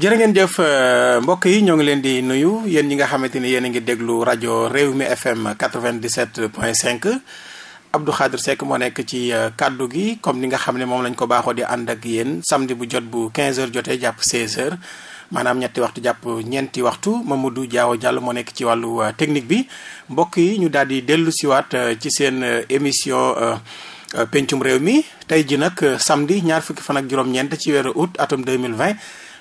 jërë ngeen jëf euh, mbokk yi ñoo ngi leen di nuyu yéen ñi nga xamante ni yéen a ngi déglu rajo réew mi FM 97 point 5 Abdou Khadre Seck moo nekk ci euh, kàddu gi comme ni nga xam ne moom lañ ko baaxoo di ànd ak yéen samedi bu jot bu quinze h jotee jàpp 16h maanaam ñetti waxtu jàpp ñeenti waxtu Mamadou Diaw jàll moo nekk ci wàllu euh, technique bi mbokk yi ñu daal di dellu siwaat ci seen émission. pencum réew mi tey ji nag samedi ñaar fukki fan ak juróom-ñeent ci weeru août atum 2020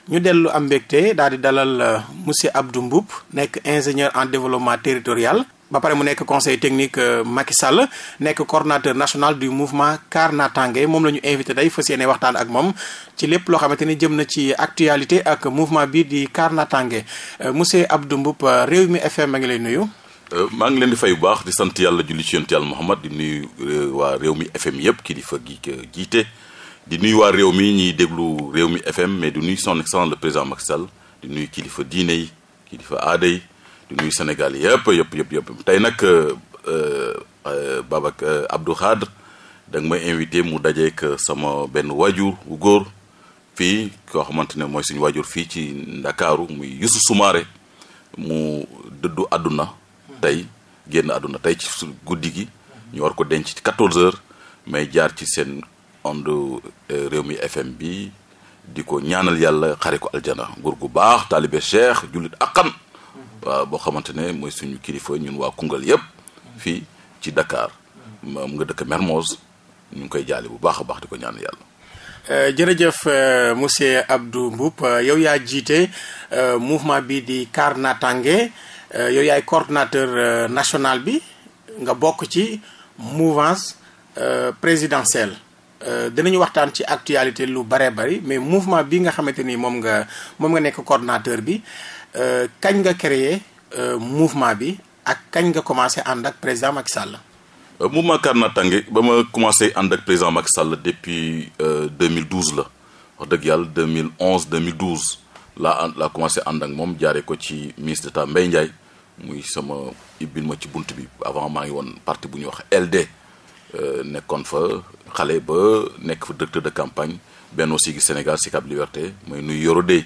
ñu dellu am mbégte daal di dalal euh, monsieur Abdou Mboup nekk ingénieur en développement territorial ba pare mu nekk conseil technique euh, Macky Sall nekk coordonnateur national du mouvement Kaar Natangué moom la ñu invité tey fas yéene waxtaan ak moom ci lépp loo xamante ni jëm na ci actualité ak mouvement bi di Kaar Natangué euh, monsieur Abdou réew mi FM a ngi lay nuyu. maa ngi leen di fay bu baax di sant yàlla si ci yonent yàlla Muhammad di nuyu waa mi FM yëpp kilifa gi jiite. di nuyu waa réew mi ñuy déglu réew mi FM mais di nuyu son excellence le président Macky Sall di nuyu kilifa diine yi kilifa aada yi di nuyu Sénégal yëpp yëpp yëpp yëpp tey nag euh, euh, Babak euh, Abdou Khadre da may invité mu dajeek sama benn waajur wu góor fii koo xamante ne mooy suñ waajur fii ci Ndakaaru muy Youssou Soumaré mu dëddu àdduna tey génn àdduna tey ci guddi gi ñu war ko denc ci 14 heures mais jaar ci seen Eh, réew mi FM bi di ko ñaanal yàlla xare ko aljana góor gu baax taalibe cheikh jullit akkan boo xamante ne mooy suñu kilifa ñun waa Koungheul yëpp fii ci Dakar mu nga dëkk Mermoz ñu ngi koy jaalee bu baax a baax di ko ñaanal yàlla Uh, jërëjëf uh, monsieur Abdou Mboup yow yaa jiite mouvement bi di Kaar Natangué yow yaay coordonnateur national bi nga bokk ci mouvance présidentielle Euh, dinañu waxtaan ci actualité lu bare bari mais mouvement bi nga xamante ni moom nga moom nga nekk coordonnateur bi euh, kañ nga créer euh, mouvement bi ak kañ nga commencé ànd ak président Macky Sall. mouvement Kar Natangué ba ma commencé ànd ak président Macky Sall depuis 2012 la wax dëgg yàlla 2011 2012 laa ànd laa commencé ànd ak moom jaare ko ci ministre d'État Mbaye Ndiaye muy sama ibbil ma ci bunt bi avant maa ngi woon parti bu ñuy wax LD nekkoon fa. xale ba nekk fa directeur de campagne benn aussi gi Sénégal Sicap Liberté mooy nuy Yoro Dey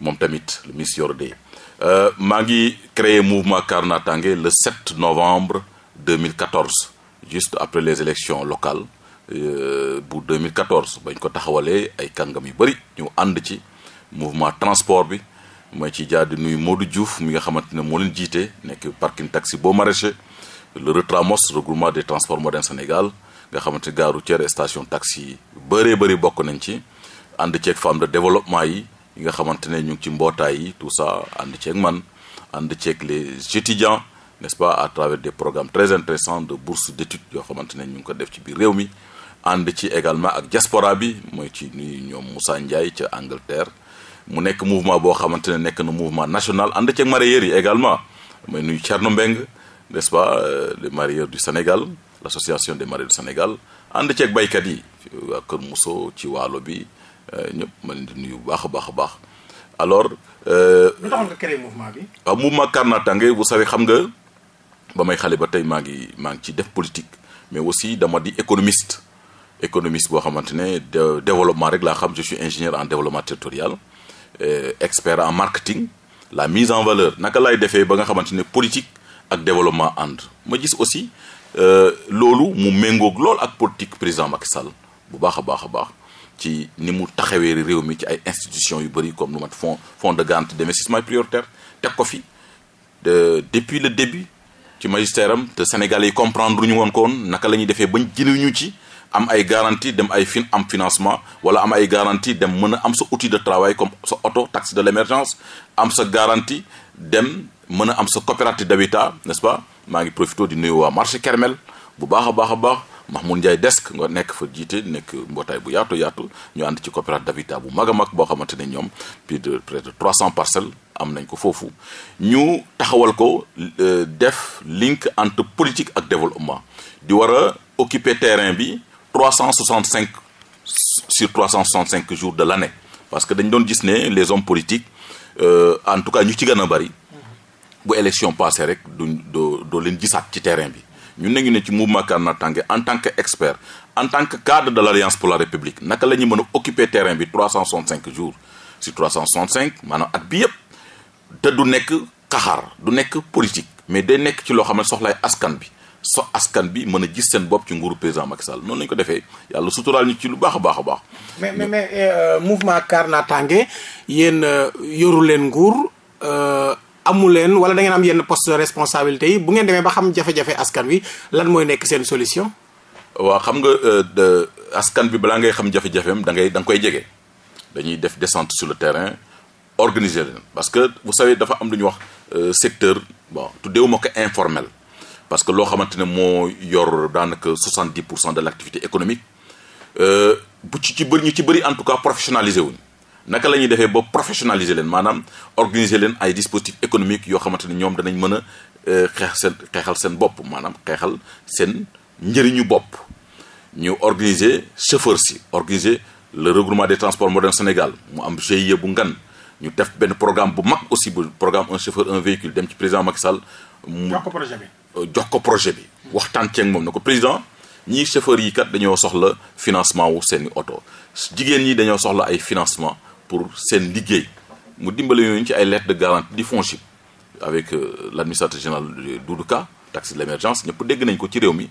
moom tamit le ministre Yoro Dey euh, maa ngi créé mouvement Kaar Natangué le 7 novembre 2014 juste après les élections locales euh, bu 2014 bañ ko taxawalee ay kàngam yu bëri ñëw ànd ci mouvement transport bi mooy ci jaar di nuyu Modou Diouf mi nga xamante ne moo leen jiite nekk parking taxi boo maraîcher le retramos regroupement de transport modernes Sénégal nga xamante gare routière station taxi yi bëree bëri bokk nañ ci ànd ceeg femme de développement yi yi nga xamante ne ñu ngi ci mbootaay yi tout ça and ceeg man ànd ceeg les étudiants n'est-ce pas à travers des programmes très intéressants de bourse d'études yoo xamante ne ñu ngi ko def ci biir réew mi ànd ci également ak diaspora bi mooy ci nuyu ñoom Moussa Ndiaye ca Angleterre mu nekk mouvement boo xamante ne nekk na mouvement national ànd ceeg mareyeurs yi également mooy nuyu Thierno Mbengue n'est-ce pas euh, les mareyeurs du Sénégal l'association des marins du Sénégal ànd ceeg baykat yi waa Kër Mousso ci waalo bi euh, ñëpp ma leen di nuyu bu baax a baax a baax alors. Euh, lu taxoon nga créé mouvement bi. waaw mouvement Kaar Naataange vous savez xam nga ba may xale ba tey maa ngi maa ngi ci def politique mais aussi dama di économiste économiste boo xamante ne développement rek laa xam je suis ingénieur en développement territorial euh, expert en marketing la mise en valeur naka laay defee ba nga xamante ne politique ak développement ànd ma gis aussi. Euh, loolu mu méngoog lool ak politique président Macky Sall bu baax a baax a baax ci ni mu taxawee réew mi ci ay institutions yu bëri comme lu mat fond fonds de garantie d'investissement prioritaire teg ko fi depuis le début ci magistère am te sénégalais yi comprendre ñu woon koon naka la ñuy defee bañ ñu ci am ay garantie dem ay fin am financement wala am ay garantie dem mën a am sa outil de travail comme sa oto tax de l'émergence am sa garantie dem mën a am sa coopérative d'habitat n'est-ce pas maa ngi profité di nuyu waa marché Kermel bu baax a baax a baax Mahmoud Ndiaye desk nga nekk fa jiite nekk mbootaay bu yaatu yaatu ñu ànd ci coopérative d'habitat bu mag a mag boo xamante ne ñoom plus de près de 300 am nañ ko foofu ñu taxawal ko euh, def link entre politique ak développement di war a occuper terrain bi 365 sur 365 jours de l'année parce que dañ doon gis ne les hommes politiques euh, en tout cas ñu ci gën a bari bu élection passé rek doo leen gisaat ci terrain bi ñun nañu ne ci mouvement Kaan Naatangué en tant que expert en tant que cadre de l' pour la république naka la ñuy mën a occuper terrain bi 365 jours si 365 maanaam at bi yëpp te du nekk kaxaar du nekk politique mais day nekk ci loo xam ne soxlaay askan bi so askan bi mën a gis seen bopp ci nguuru président Macky Sall noonu lañu ko defee yàlla suturaal ñu ci lu baax a baax a baax. mais mais mais euh, mouvement Kaan euh, Naatangué euh, amu leen wala da am yenn poste de responsabilité yi bu ngeen demee ba xam jafe-jafe askan wi lan mooy nekk seen solution. waa xam nga euh, askan bi balaa ngay xam jafe-jafeem da ngay da nga koy jege dañuy def descente sur le terrain organiser leen parce que vous savez dafa am lu ñuy wax euh, secteur bon tuddeewu ma ko informel parce que loo xamante ne moo yor daanaka 70 pour cent de l' activité économique euh, bu ci ci bëri ñu ci bari en tout cas professionnalisé wu naka la ñuy defee bopp professionnaliser leen maanaam organiser leen ay dispositifs économiques yoo xamante ni ñoom danañ mën a euh, xeex seen xeexal seen bopp maanaam xeexal seen njëriñu bopp ñu organiser chauffeur si organiser le regroupement de transports modernes Sénégal mu am GIE bu ngan ñu def benn programme bu mag aussi bu programme un chauffeur un véhicule dem ci président Macky Sall mu jox ko projet bi euh, jox ko projet bi waxtaan ceeg moom na ko président ñii chauffeurs yi kat dañoo soxla financement wu seeni oto jigéen ñi dañoo soxla ay financement pour seen liggéey mu dimbale yooyu ci ay lettres de garantie di FONGIP avec euh, l' administrateur général Doudou Ka taxe de l' émergence ñëpp dégg nañ ko ci réew mi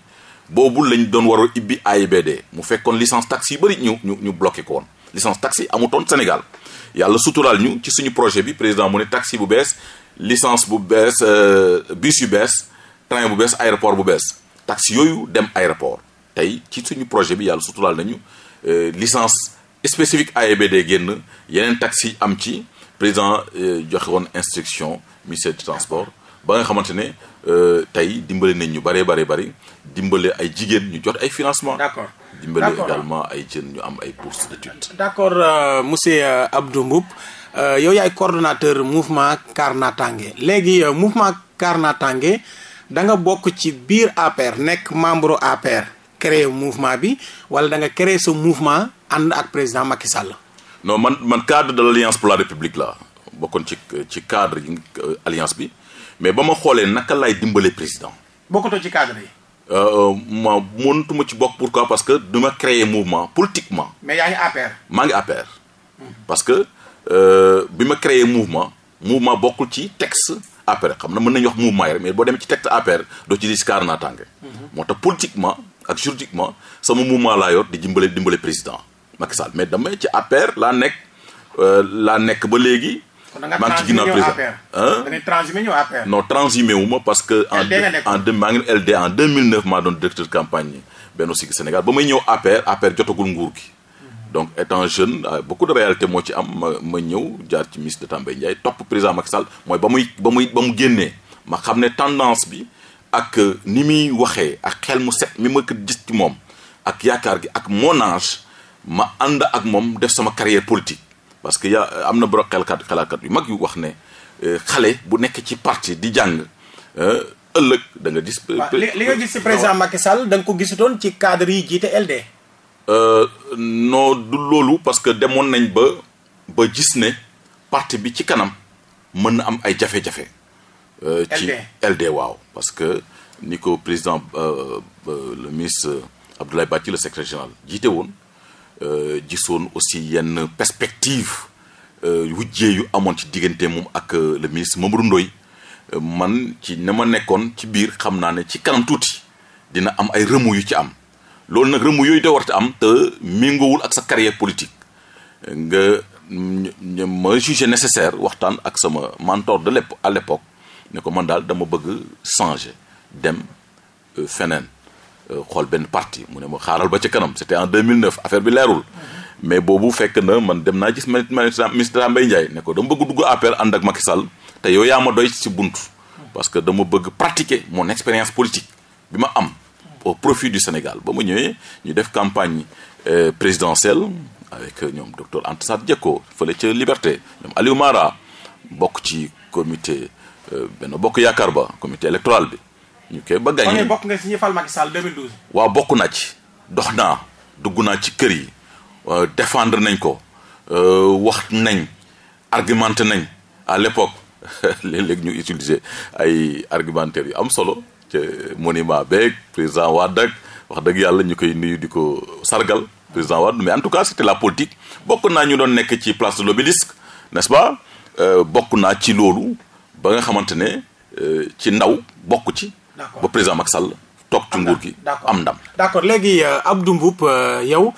boobu lañ doon war a ibbi AIBD mu fekkoon licence taxe yu bëri ñu ñu ñu bloqué ko woon licence taxe yi amutoon Sénégal yàlla suturaal ñu ci suñu projet bi président mu ne taxi bu bees licence bu bees euh, bus yu bees train bu bees aéroport bu bees taxi yooyu dem aéroport tey ci suñu projet bi yàlla suturaal nañu euh, licence spécifique AIBD e génn yeneen taxi am ci président euh, joxe woon instruction ministère du transport ba nga xamante ne euh, tey dimbale nañ ñu bëree bëri bëri dimbale ay jigéen ñu jot ay financement d'accord dimbale également ay jeunes ñu am ay bourses d'études d'accord euh, monsieur Abdou Mboup yow yaay coordonnateur mouvement Kaar Natangué léegi mouvement Kaar Natangué da nga bokk ci biir APR nekk membre APR créer mouvement bi wala da nga créer sa mouvement ànd ak président Macky Sall. non man man cadre de l' alliance pour la république la bokkoon ci ci cadre yi euh, alliance bi mais ba ma xoolee naka laay dimbale président. bokkutoo ci cadre yi. Euh, ma moontuma ci bokk pourquoi parce que du ma créer mouvement politiquement. mais yaa ngi APR. maa ngi APR. Mm-hmm. parce que euh, bi ma créer mouvement mouvement bokkul ci texte APR xam na mën nañ wax mouvement yi rek mais boo demee ci texte APR doo ci gis kaar naa tànge. Mm-hmm. moo tax politiquement. ak juridiquement sama mouvement laa yor di dimbale dimbale président Macky Sall mais damay ci APR laa nekk euh, laa nekk ba léegi. maa ngi ci ginnaaw président da nga transhumé ñëw wu ma parce que. en en deux maa ngi LD en 2009 maa doon directeur de campagne Benno Siggil Sénégal ba may ñëw APR APR jotagul nguur gi. donc étant jeune euh, beaucoup de réalité moo ci am ma ma ñëw jaar ci ministre de Tambay Ndiaye topp président Macky Sall mooy ba muy ba muy ba mu génnee ma xam ne tendance bi. ak ni muy waxee ak xel mu set mi ma ko gis ci moom ak yaakaar gi ak monage ma ànd ak moom def sama carrière politique parce que yaa am na borom xelkat xelaakat yu mag yu wax ne euh, xale bu nekk ci parti di jàng euh, ëllëg da nga gis. li nga gis ci Sall da nga ko gisutoon ci cadre yi jiite LD. Euh, noo du loolu parce que demoon nañ ba ba gis ne parti bi ci kanam mën na am ay jafe-jafe. Euh, ci LD waaw parce que ni ko président euh, euh, le ministre Abdoulaye Bati le secrétaire général jiite woon ji gisoon aussi yenn perspective wujjee yu amoon ci diggante moom ak le ministre Mamadou Ndoye man ci na ma nekkoon ci biir xam naa ne ci kanam tuuti dina am ay remous yu ci am loolu nag rëmu yooyu da warta am te méngoowul ak sa carrière politique nga ma jugé nécessaire waxtaan ak sama mentor de l'époque à l'époque ne ko man daal dama bëgg changer dem euh, feneen euh, xool benn parti mu ne ma xaaral ba ca kanam c'était en 2009 affaire bi leerul mais boobu fekk na man dem naa gis manit manit ministre Mbaye Ndiaye ne ko dama bëgg dugg APR ànd ak Macky Sall te yow yaa ma doy ci bunt parce que dama bëgg pratiquer mon expérience politique bi ma am au profit du Sénégal ba ma ñëwee ñu def campagne euh, présidentielle avec ñoom docteur Anta Sat Dieko fële ca Liberté ñoom Aliou Mara bokk ci comité Euh, benn bokk yaakaar ba comité électoral bi ñu koy ba bokk nga ci ñi fal Macky Sall 2012. bokk naa ci dox naa dugg naa ci kër yi euh, défendre nañ ko euh, wax nañ argumenté nañ à l'époque léeg-léeg ñu utiliser ay argumentaires yu am solo ca monument beeg président Wade ak wax dëgg yàlla ñu koy nuyu di ko sargal président Wade mais en tout cas c'était la politique bokk naa ñu doon nekk ci place de l'Obélisque n'est-ce pas bokk naa ci loolu. ba nga xamante ne euh, ci ndaw bokk ci. ba président Macky Sall toog ci nguur gi. am ndam d'accord léegi euh, Abdou Mboup euh, yow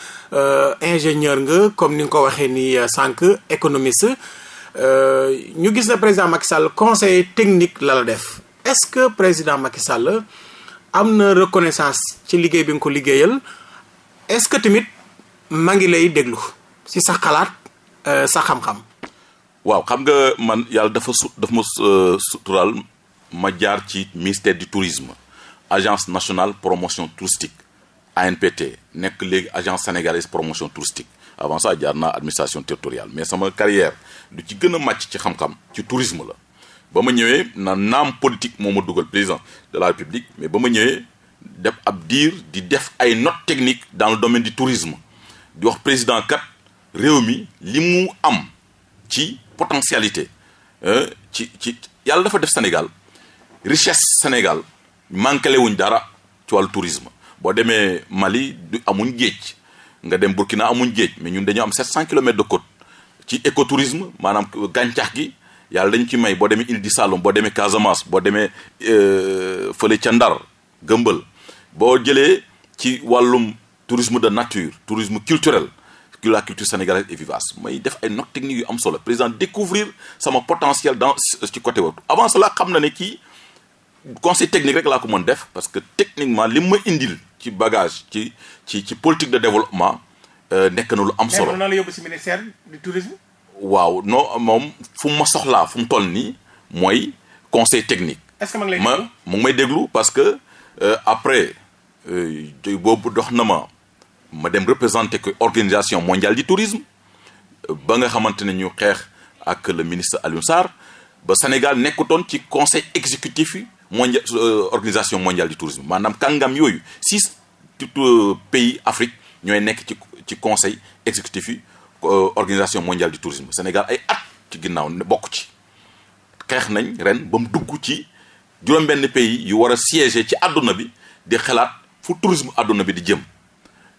ingénieur nga comme ni nga ko waxee ni sànq économiste ñu gis na président Macky Sall conseil technique la la def est-ce que président Macky Sall am na reconnaissance ci liggéey bi nga ko liggéeyal est-ce que tamit maa ngi lay déglu ci sa xalaat sa xam-xam. waaw xam nga man yàlla dafa su dafa ma euh, sutural ma jaar ci ministère du tourisme agence nationale promotion touristique ANPT nekk léegi agence sénégalaise promotion touristique avant ça jaar naa administration territoriale mais sama carrière lu ci gën a màcc ci xam-xam ci tourisme la ba ma ñëwee na naam politique moom ma dugal président de la république mais ba ma ñëwee def ab diir di def ay notes techniques dans le domaine du tourisme di wax président kat réew mi li mu am ci potentialité ci ci yàlla dafa def Sénégal richesse Sénégal manqué wuñ dara ci wàllu tourisme boo demee Mali du amuñ géej nga dem Burkina amuñ géej mais ñun dañoo am 700 kilomètres de côte ci écotourisme maanaam gàncax gi yàlla dañu ci may boo demee île du Saloum boo demee Casamance boo demee euh, fële ca Ndar Gëmbal boo jëlee ci wàllum tourisme de nature tourisme culturel la culture sénégalaise est vivace may def ay notes techniques yu am solo président découvrir sama potentiel dans ci côté boobu avant cela xam na ne kii conseil technique rek laa ko mën def parce que techniquement li ma indil ci bagage ci ci ci politique de développement euh, nekk na lu am solo. mais la yóbbu si ministère du tourisme. waaw non moom fu ma soxlaa fu mu toll nii mooy conseil technique. est-ce que ma ma may déglu parce que euh, après euh, boobu dox na ma. ma dem représenté ko organisation mondiale du tourisme ba nga xamante ne ñu xeex ak le ministre Alioune Sarr ba Sénégal nekkutoon ci conseil exécutif yi mondial euh, organisation mondiale du tourisme maanaam kàngam yooyu six euh, pays Afrique ñooy nekk ci ci conseil exécutif yi euh, organisation mondiale du tourisme Sénégal ay at ci ginnaaw ne bokk ci xeex nañ ren ba mu dugg ci juróom-benn pays yu war a siéger ci àdduna bi di xalaat fu tourisme àdduna bi di jëm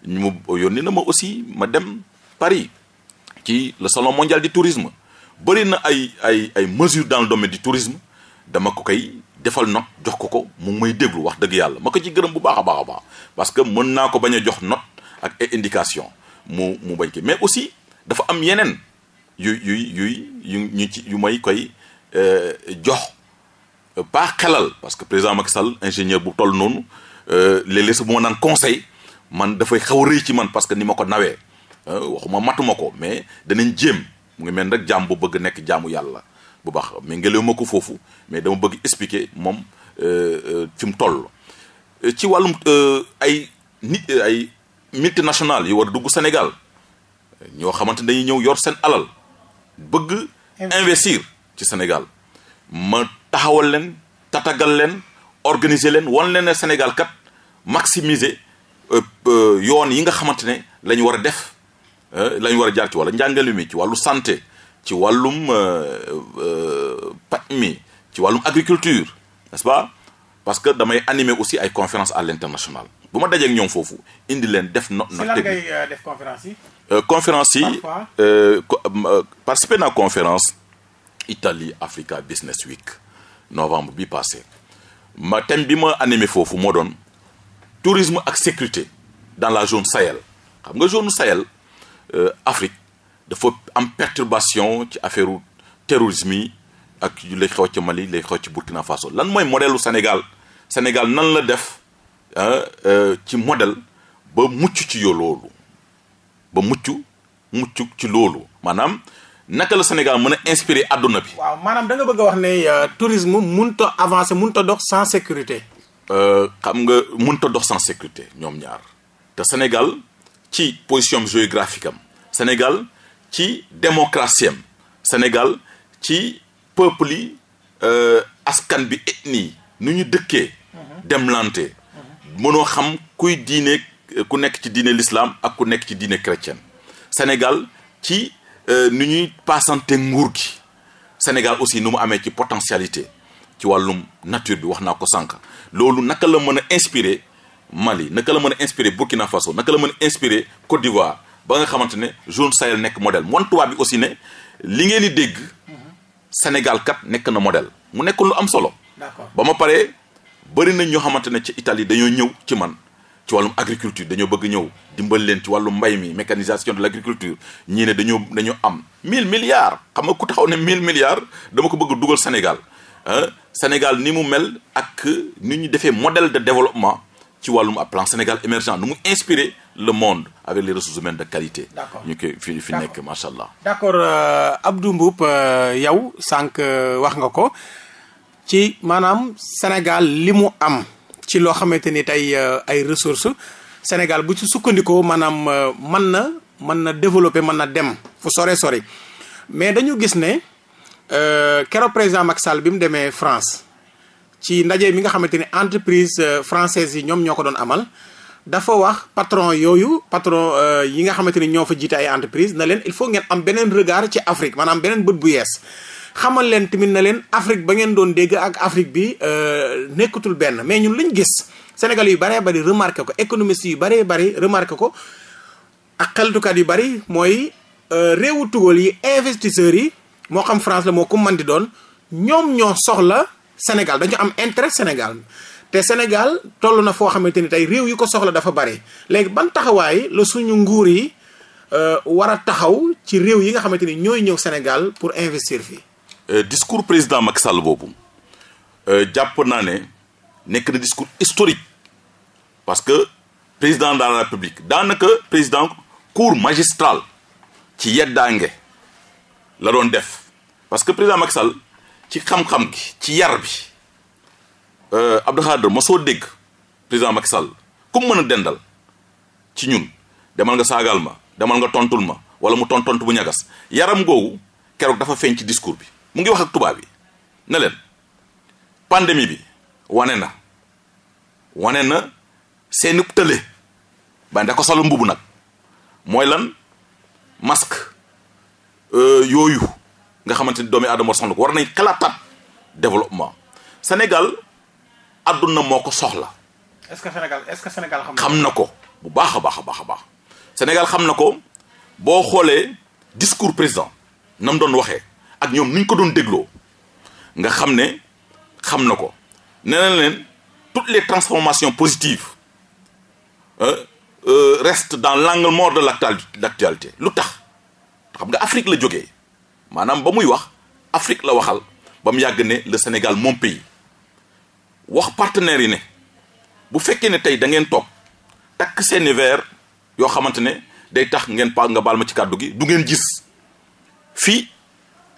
mu yónni na ma aussi ma dem Paris ci le salon mondial du tourisme bëri na ay ay ay mesures dans le domaine du tourisme dama ko koy defal note jox ko ko mu may déglu wax dëgg yàlla ma ko ci gërëm bu baax a baax a baax parce que mën naa ko bañ a jox note ak ay indication mu mu bañ ki mais aussi dafa am yeneen yuy yuy yuy yu ñu ci yu may koy euh, jox euh, paax xelal parce que président Macky sal ingénieur bu toll noonu euh, léeg-léeg bu ma naan conseil man dafay xaw a rëy ci man parce que ni ma ko nawee euh, waxuma matuma ko mais danañ jéem mu ngi mel rek jaam bu bëgg nekk jaamu yàlla bu baax mais ngelaw ma ko foofu mais dama bëgg expliquer moom euh, euh, fi mu toll. ci wàllum ay nit ay multinationales yu war a dugg Sénégal ñoo xamante dañuy ñëw yor seen alal bëgg. investir ci Sénégal ma taxawal leen tatagal leen organiser leen wan leen ne Sénégal kat maximiser. Euh, euh, yoon yi nga xamante ne la ñu war a def euh, la ñu war a jaar ci wàllu njàngale mi ci wàllu santé ci wàllum paj mi ci wàllum agriculture est ce pas parce que damay animer aussi ay conférence à l'international bu ma dajee ñoom foofu indi leen def. no no lan ngay def conférence yi. conférence yi participer na conférence Italie Africa Business Week novembre bi passé ma thème bi ma animé foofu moo doon. tourisme ak sécurité dans la zone Sahel xam nga zone Sahel euh, Afrique dafa am perturbation ci affaire terrorisme yi ak lay xew ci Mali lay xew ci Burkina Faso lan mooy modèle Sénégal Sénégal nan la def euh, ci modèle ba mucc ci yo loolu ba mucc mucc ci loolu maanaam naka la Sénégal mën a inspiré àdduna bi. waaw maanaam danga bëgg a wax ne euh, tourisme mënut a avancé mënut a dox sans sécurité. Euh, xam nga mënut dox sans sécurité ñoom ñaar te Sénégal ci position géographique am Sénégal ci démocratie am Sénégal ci peuple yi euh, askan bi ethnie nu ñu dëkkee mhm. demlante lante mhm. mënoo xam kuy diine ku nekk ci diine lislaam ak ku nekk ci diine chrétienne Sénégal ci euh, nu ñuy passante nguur gi Sénégal aussi nu mu amee ci potentialité ci wàllum nature bi wax naa ko sànq loolu naka la mën a inspiré Mali naka la mën a inspiré Burkina Faso naka la mën a inspiré Côte d'Ivoire ba nga xamante ne zone Sahel nekk model moom tubaab bi aussi ne li ngeen di dégg Sénégal nekk na modèle mu nekkoon lu am solo. d'accord ba ma paree bëri nañ ñoo xamante ne ci Italie dañoo ñëw ci man. ci wàllum agriculture dañoo bëgg ñëw dimbal leen ci wàllum mbay mi mécanisation de l' agriculture ñii ne dañoo dañoo am mille milliards xam nga ku taxaw ne mille milliards dama ko bëgg dugal Sénégal Sénégal ni mu mel ak nu ñu defee modèle de développement ci wàllum ab plan Sénégal émergent nu mu inspiré le monde avec les ressources humaines de qualité. ñu koy fi fi nekk macha allah. d' accord euh, Abdou Mboup euh, yow sànq euh, wax nga ko ci maanaam Sénégal li mu am ci loo xamante ni tey ay ressources Sénégal bu ci sukkandikoo maanaam man na mën na développé mën na dem fu sore sore mais dañu gis ne. Euh, keroog président Macky Sall bi mu demee France ci ndaje mi nga xamante ni entreprise euh, française yi ñoom ñoo ko doon amal dafa wax patron yooyu patron euh, yi nga xamante ni ñoo fa jiita ay entreprise na leen il faut ngeen am beneen regard ci Afrique maanaam beneen bët bu yees xamal leen tamit na leen Afrique ba ngeen doon dégg ak Afrique bi nekkatul benn mais ñun lañ gis Sénégal yu baree bari remarqué ko économistes yu baree bari remarqué ko ak xeltukat yu bari mooy réewu yi investisseurs yi moo xam France la moo ko man di doon ñoom ñoo soxla Sénégal dañu am intérêt Sénégal te Sénégal toll na foo xamante ni tey réew yi ko soxla dafa bare léegi ban taxawaay la suñu nguur yi euh, war a taxaw ci réew yi nga xamante ni ñooy ñëw Sénégal pour investir fii. Euh, discours président Macky Sall boobu euh, jàpp naa ne nekk na discours historique parce que président de la République daanaka président cour magistral ci yeddaange la doon def parce que président Macky Sall ci xam-xam ki ci yar bi euh, Abdou Khadre ma soo dégg président Macky Sall ku mën a dendal ci ñun demal nga saagal ma demal nga tontul ma wala mu tont tontu bu ñagas yaram googu keroog dafa feeñ ci discours bi mu ngi wax ak tubaab yi ne leen bi wane na wane na seeni tële ban ko salu mbubu nag mooy lan masque euh, yooyu nga xamante ni doomi aadama war soxla ko war nañ xalaataat développement Sénégal adduna moo ko soxla. est-ce que Sénégal est-ce que Sénégal xam na ko bu baax a baax a baax Sénégal xam na ko boo xoolee discours président nam doon waxee ak ñoom nuñ ko doon dégloo nga xam ne xam na ko nee na leen toutes les transformations positives euh, euh, restent dans l'angle mort de l'actualité lu tax xam nga Afrique la jógee maanaam ba muy wax Afrique la waxal ba mu yàgg ne le Sénégal mon pays wax partenaires yi ne bu fekkee ne tey da ngeen toog takk seeni verre yoo xamante ne day tax ngeen pa nga baal ma ci kàddu gi du ngeen gis fii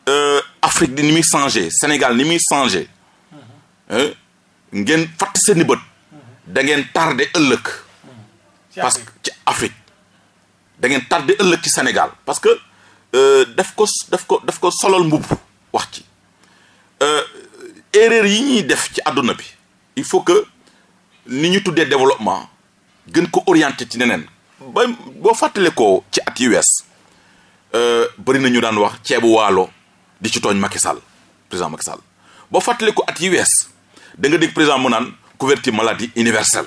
euh, Afrique di ni muy changé Sénégal ni muy changé ngeen fàtt seeni bët da ngeen tardé ëllëg parce que ci Afrique da ngeen tardé ëllëg ci Sénégal Euh, def ko daf ko daf ko solol mbubb wax ci euh, erreur yi ñuy def ci àdduna bi il faut que ni ñu tuddee développement gën ko orienté ci neneen ba boo fàttale ko ci at yi wees euh, bëri na ñu daan wax ceebu waalo di ci tooñ Macky Sall président Macky Sall boo fàttale ko at yi wees da nga dégg président mu naan couverture maladie universelle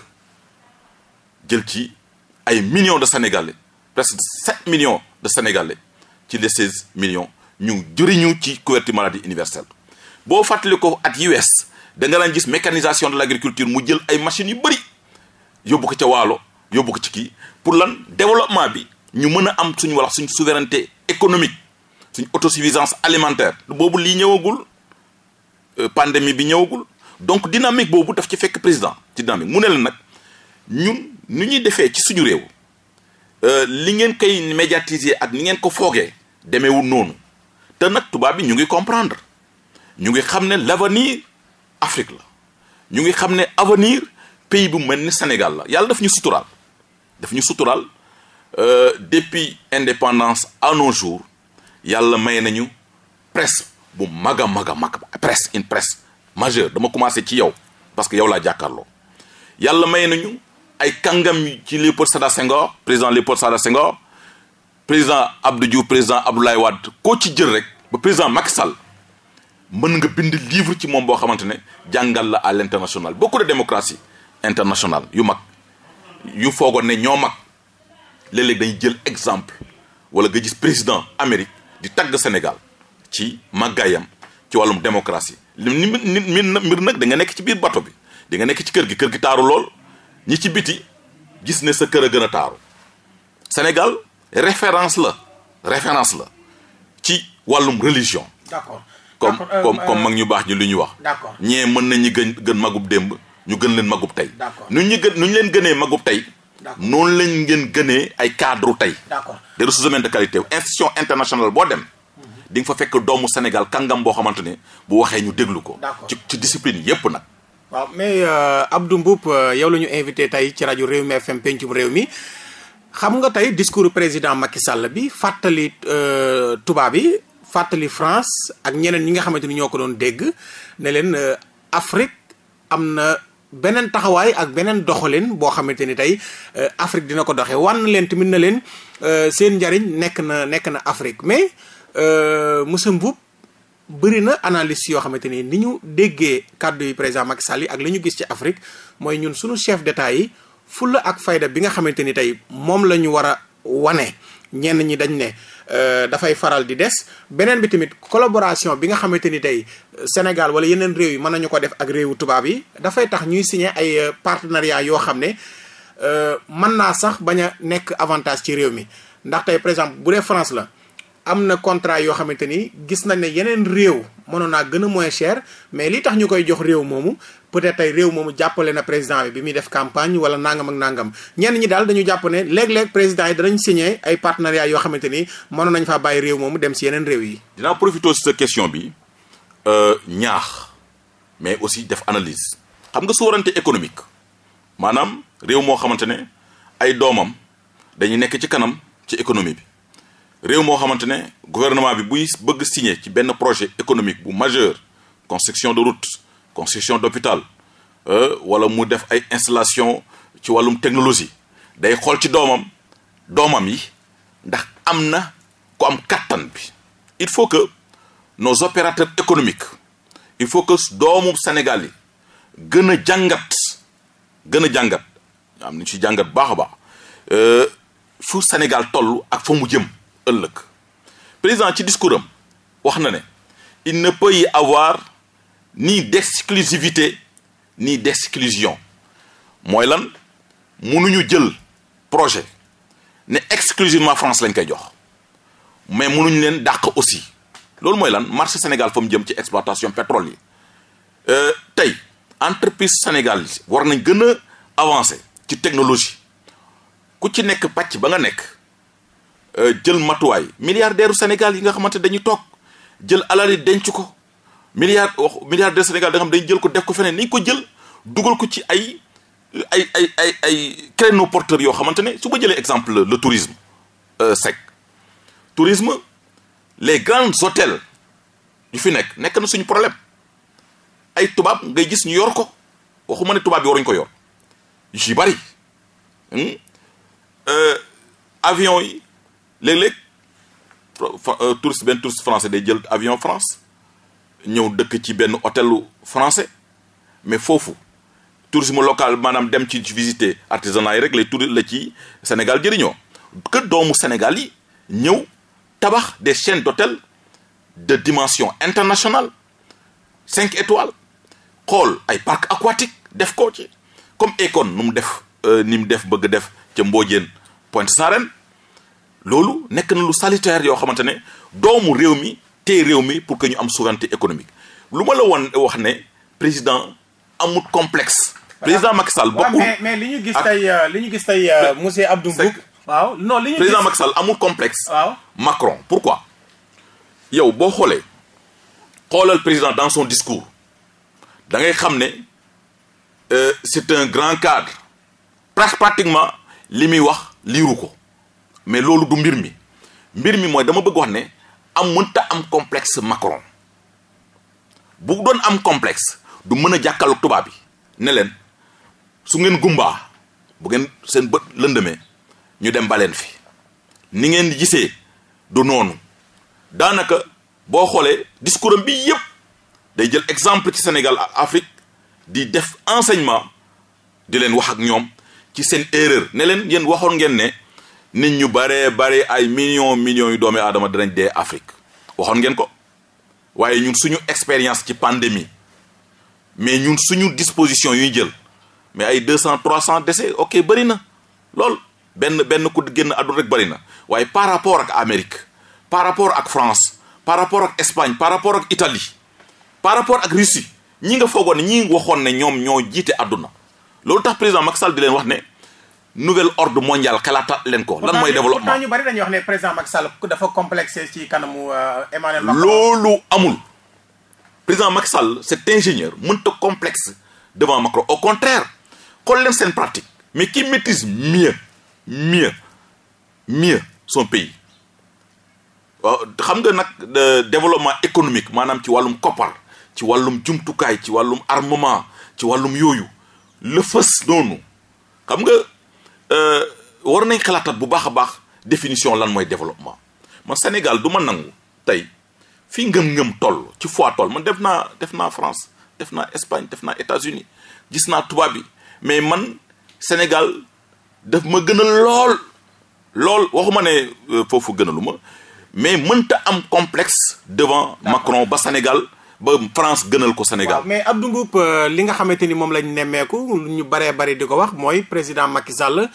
jël ci ay millions de sénégalais presque sept million de sénégalais ci les seize millions ñu jëriñu ci couverture maladie universelle boo fàttali ko at yi wees da nga daan gis mécanisation de l' agriculture mu jël ay machines yu bëri yóbbu ko ca waalo yóbbu ko ci kii pour lan développement bi ñu mën a am suñu wala suñ souveraineté économique suñ autosuffisance alimentaire boobu lii ñëwagul euh, pandémie bi ñëwagul donc dynamique boobu daf ci fekk président ci dynamique mu ne la nag ñun nu ñuy defee ci suñu réew Euh, li ngeen koy médiatiser ak ni ngeen ko foogee demeewul noonu te nag tubaab bi ñu ngi comprendre ñu ngi xam ne l'avenir Afrique la ñu ngi xam ne avenir pays bu mel ni Sénégal yàlla daf ñu suturaal daf ñu suturaal euh, depuis indépendance à nos jours yàlla may nañu presse bu mag a mag a mag presse une presse majeure dama commencé ci yow parce que yow laa jàkkaarloo yàlla may nañu ay kàngam ci Léopold Sédar Senghor président Léopold Sédar Senghor président Abdou Diouf président Abdoulaye Wade koo ci jël rek ba président Macky Sall mën nga bind livre ci moom boo xamante ne jàngal la à l'international beaucoup de démocratie internationale yu mag yu foogoon ne ñoo mag léeg-léeg dañuy jël exemple wala nga gis président Amérique di tagg Sénégal ci màggaayam ci wàllum démocratie li mbir nag da nga nekk ci biir bato bi di nga nekk ci kër gi kër gi taaru lool ñi ci biti gis ne sa kër a gën a taaru Sénégal référence la référence la ci wàllum religion. d'accord comme euh, comme comme euh, mag ñu baax ñi lu ñu wax. d'accord ñee mën nañu gën gën magub démb ñu gën leen magub tey. d'accord nu ñu gën nu leen gënee magub tey. noonu lañ ngeen gënee ay cadre tey. d'accord des ressources de qualité institution internationale boo dem. Mhm. di nga fa fekk doomu Sénégal kàngam boo xamante ne bu waxee ñu déglu ko. ci ci discipline yépp nag. waaw mais euh, Abdou Mboup euh, yow la ñu invité tey ci rajo Réew mi FM pencum réew mi xam nga tey discours président Macky Sall bi fàttali euh, tubaab yi fàttali France ak ñeneen ñi nga xamante ni ñoo ko doon dégg ne leen Afrique am na beneen taxawaay ak beneen doxalin boo xamante ni tey Afrique dina ko doxee na leen tamit na leen seen njariñ nekk na nekk na Afrique mais monsieur Mboup bëri na analyse yoo xamante ni ni ñu déggee kàddu yi président Macky Sall yi ak li ñu gis ci Afrique mooy ñun suñu chef d'état yi fulla ak fayda bi nga xamante ni tey moom la ñu war a wane ñenn ñi dañ ne euh, dafay faral di des beneen bi tamit collaboration bi nga xamante ni tey euh, Sénégal wala yeneen réew yi mën nañu ko def ak réewu tubaab yi dafay tax ñuy signé ay euh, partenariat yoo xam ne mën naa sax bañ a nekk avantage ci réew mi ndax tey par exemple bu dee France la am na contrat yoo xamante ni gis nañ ne yeneen réew mënoon naa gën a moins cher mais li tax ñu koy jox réew moomu peut-être tey réew moomu jàppale na président bi bi muy def campagne wala nangam ak nangam ñenn ñi daal dañu jàpp ne léeg-léeg président yi danañ signé ay partenariat yoo xamante ni mënoon nañ faa bàyyi réew moomu dem si yeneen réew yi. dina profité si sa question bi euh, ñaax mais aussi def analyse xam nga souveraineté économique maanaam réew moo xamante ne ay doomam dañuy nekk ci kanam ci économie bi. réew moo xamante ne gouvernement bi buy bëgg signé ci benn projet économique bu majeur construction de route construction d'hôpital euh, wala mu def ay installation ci wàllum technologie day xool ci doomam doomam yi ndax am na ku am kattan bi il faut que nos opérateurs économiques il faut que doomu Sénégal yi gën a jàngat gën a jàngat am nañu ci jàngat baax a baax euh, fu Sénégal toll ak fa mu jëm ëllëg président ci discours am wax na ne il ne peut y avoir ni d'exclusivité ni d'exclusion mooy lan mënuñu jël projet ne exclusivement France lañ koy jox mais mënuñu leen dàq aussi loolu mooy lan marché Sénégal fa mu jëm ci exploitation pétrole yi euh, tey entreprise Sénégal war nañ gën a avancer ci technologie ku ci nekk pàcc ba nga nekk Euh, jël matuwaay milliardaire Sénégal yi nga xamante dañuy toog jël alal yi denc ko milliard wax milliardaire Sénégal da xam dañ jël ko def ko feneen ni ko jël dugal ko ci ay ay ay ay ay créneaux porteurs yoo xamante ne su ma jëlee exemple le tourisme euh, sec tourisme les grands hôtels yu fi nekk nekk na suñu problème ay tubaab ngay gis ñu yor ko waxuma ne tubaab yi waruñu ko yoon yu ci bari hmm? euh, avion yi léeg-léeg euh, touriste benn touriste français day jël avion France ñëw dëkk ci benn hôtelu français mais foofu tourisme locale maanaam dem ci visiter artisanat yi rek lay la ci Sénégal jëriñoo que doomu Sénégal yi ñëw tabax des chaînes d'hôtels de dimension internationale cinq étoiles xool ay parc aquatique def ko ci comme Akon nu mu def euh, ni mu def bëgg def ca Mbodiène Pointe Sarène loolu nekk na lu salutaire yoo xamante ne doomu réew mi te réew mi pour que ñu am souveraineté économique lu ma la woon wax ne président amut complex président Macky Sall bokkul mais li ñu gis tey euh, li ñu gis tey euh, monsieur Abdou Mbow. waaw non li ñu gis président Macky Sall amul complexe. waaw Macron pourquoi. yow boo xoolee xoolal président dans son discours da ngay xam ne euh, c'est un grand cadre pratiquement li muy wax liiru ko. mais loolu du mbir mi mbir mi mooy dama bëgg wax ne am mënta am complexe Macron bu doon am complexe du mën a jàkkaarloog tubaab bi ne leen su ngeen gumbaa bu ngeen seen bët lëndëmee ñu dem baleen fi ni ngeen gisee du noonu daanaka boo xoolee discours bi yépp day jël exemple ci Sénégal ak Afrique di def enseignement di leen wax ak ñoom ci seen erreur ne leen yéen waxoon ngeen ne nit ñu baree bare ay millions millions yu doomi aadama danañ dee Afrique waxoon ngeen ko waaye ñun suñu expérience ci pandémie mais ñun suñu disposition yuy jël mais ay deux cent trois cent décès ok bëri na lool benn benn ku génn àdduna rek bëri na waaye par rapport ak Amérique par rapport ak France par rapport ak Espagne par rapport ak Italie par rapport ak Russie ñi nga foogoon ne waxoon ne ñoom ñoo jiite àdduna loolu tax président Macky Sall di leen wax ne nouvel ordre mondial xalaataat leen ko. lan mooy développement pourtant ñu bari dañuy wax ne président Macky Sall dafa complexé ci kanamu euh, Emmanuel Macron. loolu amul président Macky Sall cet ingénieur mënta complexe devant Macron au contraire xool leen seen pratique mais kii maîtrise mieux mieux mieux son pays. Euh, xam nga nag développement économique maanaam ci wàllum koppar ci wàllum jumtukaay ci wàllum armement ci wàllum yooyu la noonu xam nga. Euh, war nañ xalaatat bu baax a baax définition lan mooy développement ma Sénégal du ma nangu tey fii ngëm-ngëm toll ci fois toll man def naa def naa France def naa Espagne def naa États-Unis gis naa tubaab bi mais man Sénégal def ma gën a lool lool waxuma ne euh, foofu gën a lu ma mais mënta am complexe devant Macron ba Sénégal ba France gënal ko Sénégal. mais Abdou Mboup euh, li nga xamante ni moom lañ nemmeeku ñu baree bari di ko wax mooy président Macky Sall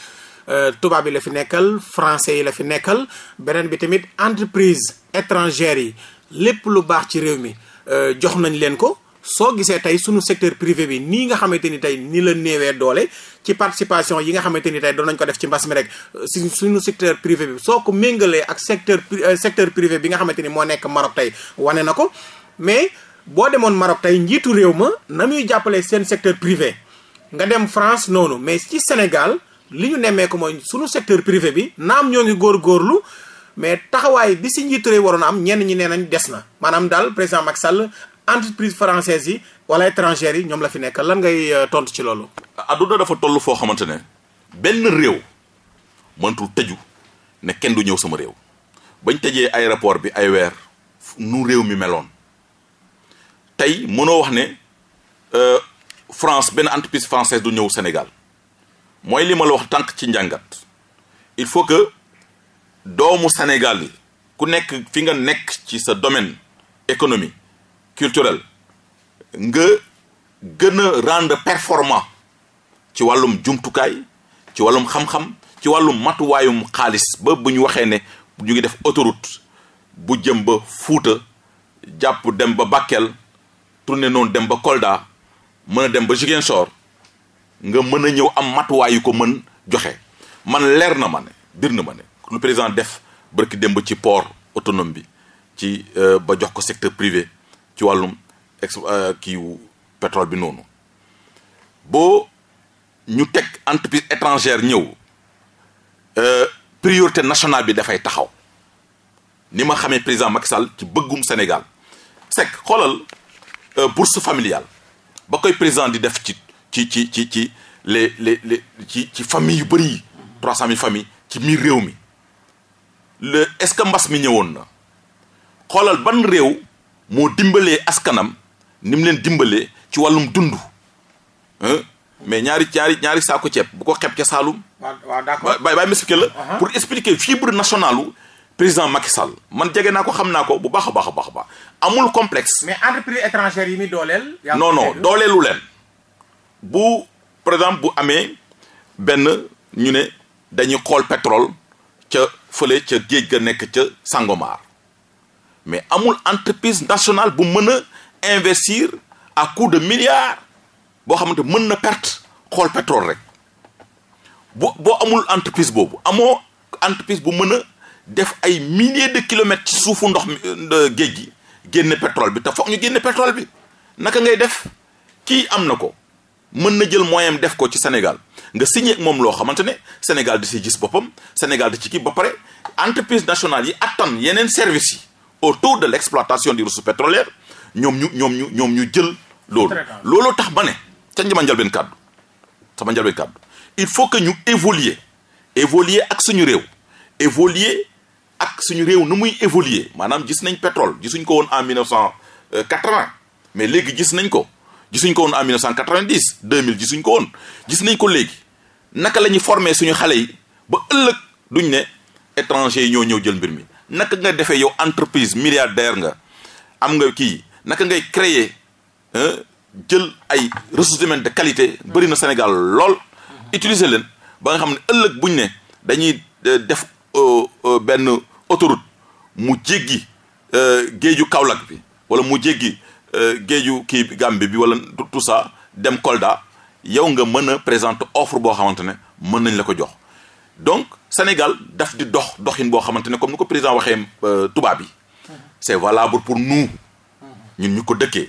euh, tubaab yi la fi nekkal français yi la fi nekkal beneen bi tamit entreprise étrangère yi lépp lu baax ci réew mi euh, jox nañ leen ko. soo gisee tey sunu secteur privé bi nii nga xamante ni tey ni la néewee doole ci participation yi nga xamante ni tey doon nañ ko def ci mbas mi rek si suñu secteur privé bi soo ko méngalee ak sect secteur privé bi nga xamante ni moo nekk Maroc tey wane na ko mais boo demoon Maroc tey njiitu réew ma na muy jàppalee seen secteur privé nga dem France noonu mais ci Sénégal li ñu nemmee ko mooy sunu secteur privé bi naam ñoo ngi góor góorgóorlu mais taxawaay bi si njiitu réew waroon am ñenn ñi nee nañ des na maanaam daal président Macky Sall entreprise française yi wala étrangères yi ñoom la fi nekk lan ngay euh, tontu ci loolu. adduna dafa toll foo xamante ne benn réew mëntul tëju ne kenn du ñëw sama réew bañ tëjee aéroport bi ay weer nu réew mi meloon. tey mënoo wax ne euh, France benn entreprise française du ñëw Sénégal mooy li ma la wax tànk ci njàngat il faut que doomu Sénégal yi ku nekk fi nga nekk ci sa domaine économie culturel nga gën a rendre performant ci wàllum jumtukaay ci wàllum xam-xam ci wàllum matuwaayum xaalis ba bu ñu waxee ne ñu ngi def autoroute bu jëm ba Fuuta jàpp dem ba Bakel tourné noonu dem ba Kolda mën a dem ba Ziguinchor nga mën a ñëw am matuwaay yu ko mën joxe man leer na ma ne dir na ma ne lu président def bërki dem ba ci port autonom bi ci euh, ba jox ko secteur privé ci wàllum ex euh, kiiwu pétrole bi noonu boo ñu teg entreprise étrangère ñëw euh, priorité nationale bi dafay taxaw ni ma xamee président Macky Sall ci bëggum Sénégal sec xoolal Euh, bourse familial ba koy président di def ci ci ci ci ci les les les ci ci famille yu bëri yi trois cent mille famille ci biir réew mi le est-ce que mbas mi ñëwoon na xoolal ban réew moo dimbalee askanam ni mu leen dimbalee ci wàllum dund mais ñaari ñaari ñaari saako ceeb bu ko xeeb ca Saalum. waaw d'accord bàyyi bàyyi ma expliquer la. Uh-huh. pour expliquer fibre nationalu président Macky Sall man jege naa ko xam naa ko bu baax a baax a baax baax amul complexe. mais entreprise étrangère yi muy dooleel. non dooleelu leen bu par exemple bu amee benn ñu ne dañuy xool pétrole ca fële ca géej ga nekk ca Sangomar mais amul entreprise nationale bu mën a investir à coup de milliards boo xamante mën na perte xool pétrole rek bu boo amul entreprise boobu amoo entreprise bu mën a def ay milliers de kilomètres ci suufu ndox mi euh, géej gi. génne pétrole bi te foog ñu génne pétrole bi naka ngay def kii am na ko mën na jël moyen def ko ci Sénégal nga signé ak moom loo xamante ne Sénégal di si gis boppam Sénégal di ci kii ba pare entreprise nationale yi attan yeneen services yi autour de l' exploitation des ressources pétrolières ñoom ñu ñoom ñu ñoom ñu jël loolu looloo tax ba ne ca njëma njëlbeen kàddu sama njëlbeen kàddu il faut que ñu évoluer évoluer ak suñu réew évoluer ak suñu réew nu muy évoluer maanaam gis nañ pétrole gisuñ ko woon en 1980 mais léegi gis nañ ko gisuñ ko woon en 1990 2000 gisuñ ko woon gis nañ ko léegi naka la ñuy former suñu xale yi ba ëllëg duñ ne étranger yi ñoo ñëw jël mbir mi naka nga defee yow entreprise milliardaire nga am nga kii naka ngay crée jël ay ressources humaines de qualité bëri na Sénégal lool utiliser leen ba nga xam ne ëllëg buñ ne dañuy euh, def euh, euh, benn autoroute mu jéggi euh, géeju Kaolack bi wala mu jéggi euh, géeju kii Gambie bi wala tout ça dem Kolda yow nga mën a présenter offre boo xamante ne mën nañ la ko jox donc Sénégal daf di dox doxin boo xamante ne comme ni ko président waxee euh, tubaab yi c'est valable pour nous ñun ñu ko dëkkee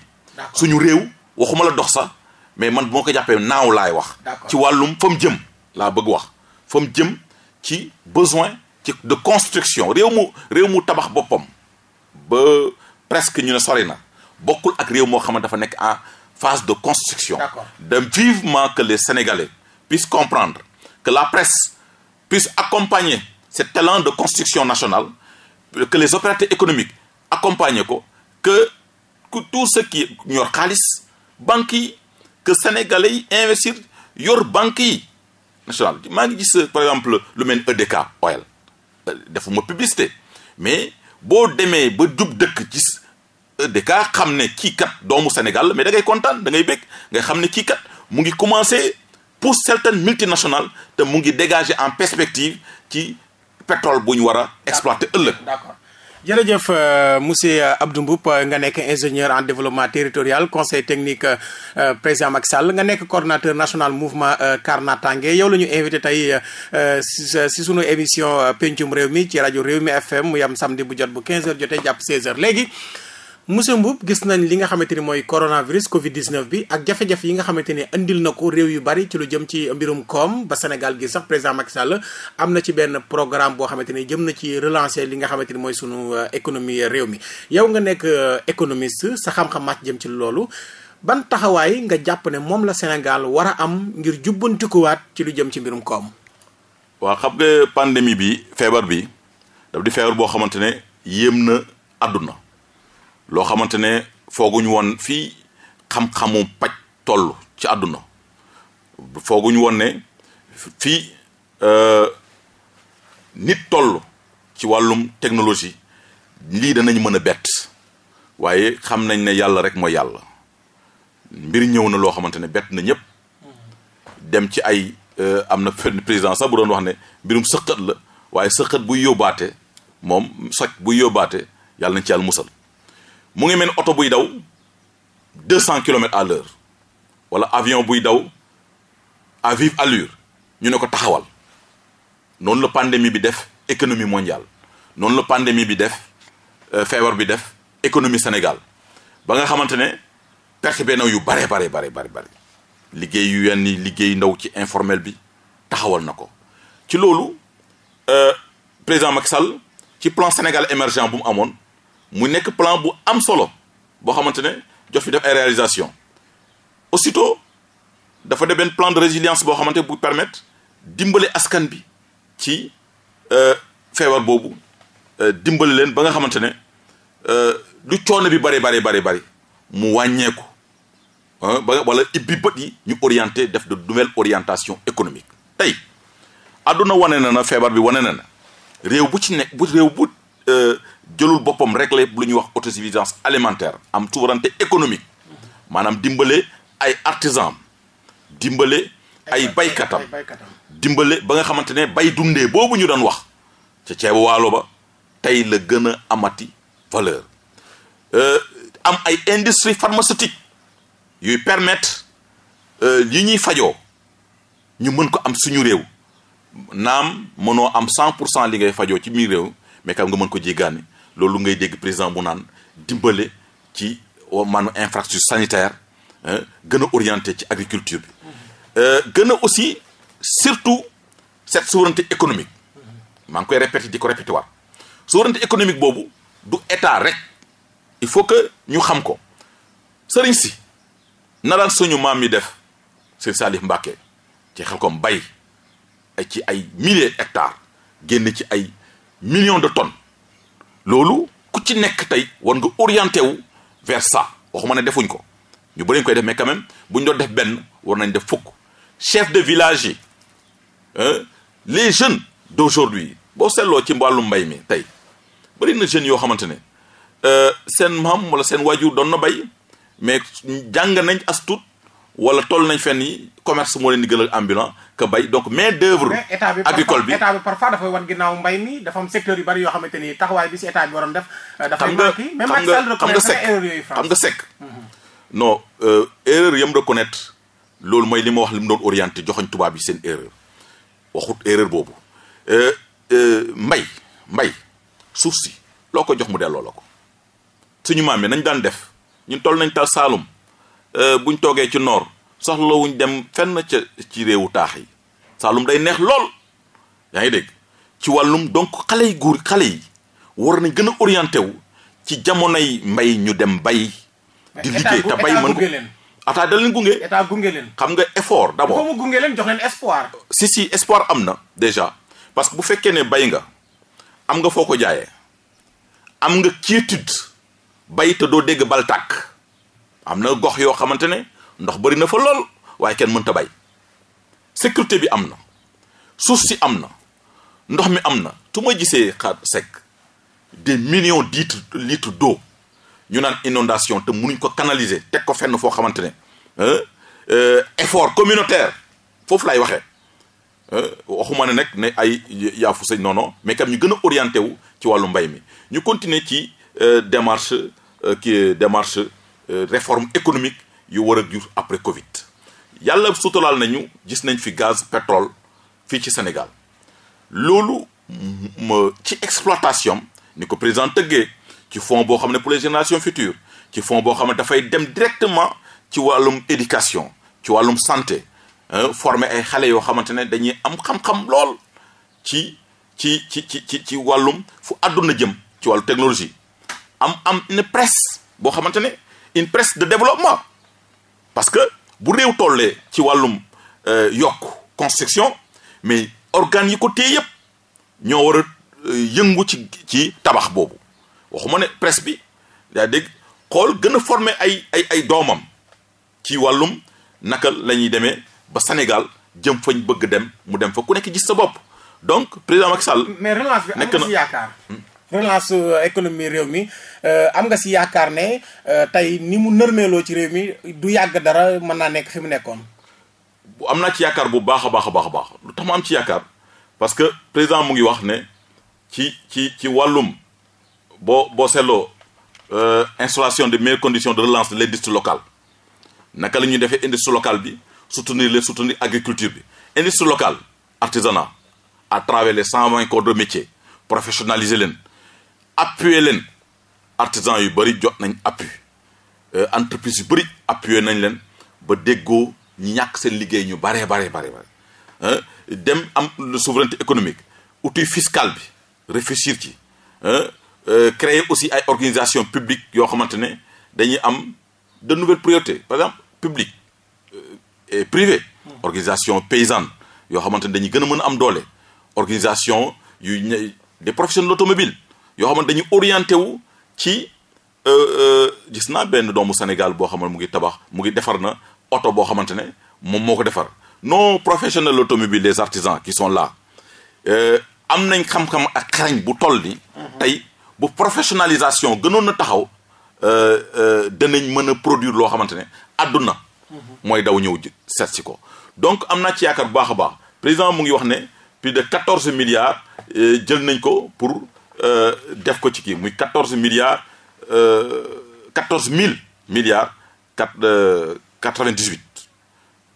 suñu réew waxuma la dox sax mais man bu ko jàppee naaw laay wax ci wàllum fa jëm laa bëgg wax fa mu jëm ci besoin ci de construction réew mu réew mu tabax boppam ba presque ñu ne sori na bokkul ak réew moo xam ne dafa nekk à phase de construction. d'accord de vivement que les Sénégalais puissent comprendre que la presse puisse accompagner ce talent de construction nationale que les opérateurs économiques accompagner ko que tout ce qui ñor xaalis banques yi que Sénégalais yi investir yor banques yi nationale maa ngi gis par exemple lu mel ni EDK Oil defuma publicité mais boo demee ba jub dëkk ci EDK euh, xam ne kii kat doomu Sénégal mais da ngay kontaan da ngay bëgg nga xam ne kii kat mu ngi commencé pour certaines multinationales te mu ngi dégager en perspective ci pétrole bu ñu war a exploiter ëllëg. d'accord jërëjëf euh, monsieur euh, Abdou Mboup euh, nga nekk ingénieur en développement territorial conseil technique président Macky Sall nga nekk coordonnateur national mouvement Kar Natangué yow la ñu invité tey si sunu émission pencum réew mi ci rajo réew mi FM mu yam samedi bu jot bu 15h jotee jàpp 16 léegi. monsieur Mboup gis nañ li nga xamante ni mooy coronavirus Covid 19 bi ak jafe-jafe yi nga xamante ni andil na ko réew yu bari ci lu jëm ci mbirum koom ba Sénégal gi sax président Macky Sall am na ci benn programme boo xamante ni jëm na ci relancer li nga xamante ni mooy sunu euh, économie réew mi yow nga nekk euh, économiste sa xam jëm ci loolu ban taxawaay nga jàpp ne moom la Sénégal war a am ngir jubbantikuwaat ci lu jëm ci mbirum koom. waaw xam nga pandémie bi feebar bi daf di feebar boo xamante ne yéem na àdduna. loo xamante ne fooguñu woon fii xam-xamu paj toll ci àdduna fooguñu woon ne fii euh, nit toll ci wàllum technologie lii danañ mën a bett waaye xam nañ ne yàlla rek mooy yàlla mbir ñëw na loo xamante ne bett na ñëpp dem ci ay euh, am na fenn président sax bu doon wax ne mbirum sëqat la waaye sëqat buy yóbbaate moom soj buy yóbbaate yàlla nañ ci yàlla musal mu ngi mel ni oto buy daw deux cent kilomètres à l'heure wala avion buy daw a vive allure ñu ne ko taxawal noonu la pandémie bi def économie mondiale noonu la pandémie bi def euh, feebar bi def économie Sénégal ba nga xamante ne perte naw yu bare bare bare bare bare liggéey yu yenn liggéey ndaw ci informel bi taxawal na ko ci loolu euh, président Macky Sall ci plan Sénégal émergent bu mu amoon mu nekk plan bu am solo boo xamante ne fi def ay réalisation aussitôt dafa de benn plan de résilience boo xamante bu permetre dimbale askan bi ci euh, feebar boobu euh, dimbale leen ba nga xamante ne lu euh, coono bi bari bari bari bari mu wàññeeku ba wala ibbi bët yi ñu orienté def de nouvelle orientation économique tey àdduna wane na na feebar bi wane na na réew bu ci nekk bu réew bu jëlul boppam réglé lu ñuy wax auto autosuffisance alimentaire am souveraineté économique maanaam dimbale ay artisan dimbale ay baykatam dimbale ba nga xamante ne bay dundee boobu ñu doon wax ca ceebu waalo ba tey la gën a amati valeur euh, am ay industrie pharmaceutique yuy permettre yi euh, ñuy fajoo ñu mën ko am suñu réew naam mënoo am cent pour cent li ngay fajoo ci biir réew mais kam nga mën ko jéggaani loolu ngay dégg président mu naan dimbale ci maanaam infrastructure sanitaire gën a orienté ci agriculture bi euh, gën a aussi surtout cette souveraineté économique maa ngi koy répété di ko répété waat souveraineté économique boobu du état rek il faut que ñu xam ko sëriñ si na daan suñu maam yi def sëriñ Salif Mbacke ci xel kom bay ci ay milliers hectares génn ci ay millions de tonnes loolu ku ci nekk tey war nga orienté wu vers ça waxuma ne defuñ ko ñu bëri ñu koy def mais quand bu ñu doon def benn war nañ def fukk chef de village yi les jeunes d'aujourd'hui boo seetloo ci wàllum mbay mi tey bëri na jeunes yoo xamante ne euh, seen maam wala seen waajur doon na bay mais jàng nañ as tuut wala toll nañ fenn yi commerce moo leen di gën a ambulant que bay donc main d'œuvre agricole bi état bi parfois dafay wan ginnaaw mbay mi dafa am secteur yu bari yoo xamante ni taxawaay bi si état bi waroon def. Euh, dafay manqué même Macky Sall reconnaître na erreur yooyu France xam nga sec mhm. non euh, erreur yam reconnaître loolu mooy li ma wax li mu doon orienté joxoñ tubaab yi seen erreur waxut erreur boobu euh, mbay mbay suuf si loo ko jox mu delloo la ko suñu maam yi nañ daan def ñun toll nañ tal Saalum buñ toogee ci noor soxlawuñ dem fenn ca ci réewu taax yi Saalum day neex lool yaa ngi dégg ci wàllum donc xale yi góor xale yi war nañ gën a orienté wu ci jamonoy mbay ñu dem bay di liggéey te bay mën ko ataa da leen gunge état gunge leen xam nga efoor d'abord il faut jox leen espoir si si espoir am na déjà parce que bu fekkee ne bay nga am nga foo ko jaaye am nga quiétude bay te doo dégg bal tàkk am na gox yoo xamante ne ndox bëri na fa lool waaye kenn mënta bay sécurité bi am na suuf si am na ndox mi am na su ma gisee xaar sec des millions de litres litres do ñu naan inondation te mënuñ ko canaliser teg ko fenn foo xamante ne euh, effort communautaire foofu laay waxee waxuma ne nag ne ay yaafu sëñ noono non kam ñu gën a orienté wu ci wàllu mbay mi ñu continuer ci euh, démarche euh, qui démarche réforme économique yu war a jur après Covid yàlla suturaal nañu gis nañ fi gaz pétrole fii ci Sénégal loolu ci exploitation ni ko président tëggee ci fonds boo xam ne pour les générations futures ci fonds boo xam ne dafay dem directement ci wàllum éducation ci wàllum santé former ay xale yoo xamante ne dañuy am xam-xam lool ci ci ci ci ci ci wàllum fu adduna jëm ci wàllu technologie am am une presse boo xamante ne une presse de développement parce que bu réew tollee ci wàllum euh, yokk construction mais organes yi ko téye yëpp ñoo war a euh, yëngu ci ci tabax boobu waxuma ne presse bi yaa dégg xool gën a former ay ay ay doomam ci wàllum naka la ñuy demee ba Sénégal jëm fañ bëgg dem mu dem fa ku nekk gis sa bopp donc président ma Sall. nekk na mais relance bi na yaakaar. Hmm? relance économie réew mi euh, am nga si yaakaar ne euh, tey ni mu nërmeeloo ci réew mi du yàgg dara mën naa nekk fi mu nekkoon. bu am naa ci yaakaar bu baax a baax a baax a baax lu tax ma am ci yaakaar parce que président mu ngi wax ne ci ci ci wàllum boo boo seetloo euh, installation de meilleures condition de relance de l'industrie locale naka la ñuy defee industrie locale bi soutenir les soutenir agriculture bi industrie locale artisanat à travers les cent vingt corps de métier leen appuyer leen artisan yu bëri jot nañ appui euh, entreprise yu bëri appuyer nañ leen ba déggoo ñi ñàkk seen liggéey ñu baree baree baree bare dem am souveraineté économique outil fiscal bi réfléchir ci euh, créer aussi ay organisation publique yoo xamante ne dañuy am de nouvelle priorités par exemple publique euh, et privée organisation paysanne yoo xamante ne dañuy gën a mën a am doole organisation yu des professionnels de l'automobile yoo xam ne dañu orienté wu ci euh, euh, gis naa benn doomu Sénégal boo xam ne mu ngi tabax mu ngi defar na oto boo xamante ne moom moo ko defar non professionnels automobiles des artisans qui sont là euh, am nañ xam-xam ak xarañ bu toll ni mhm. tey bu professionnalisation gënoon na taxaw danañ mën a produire loo xamante ne àdduna mhm. mooy daw ñëw seet si ko donc am naa ci yaakaar bu baax a baax président mu ngi wax ne plus de quatorze milliards jël nañ ko pour Euh, def ko ci kii muy quatorze milliards euh, quatorze mille milliards quatre euh, quatre vingt dix huit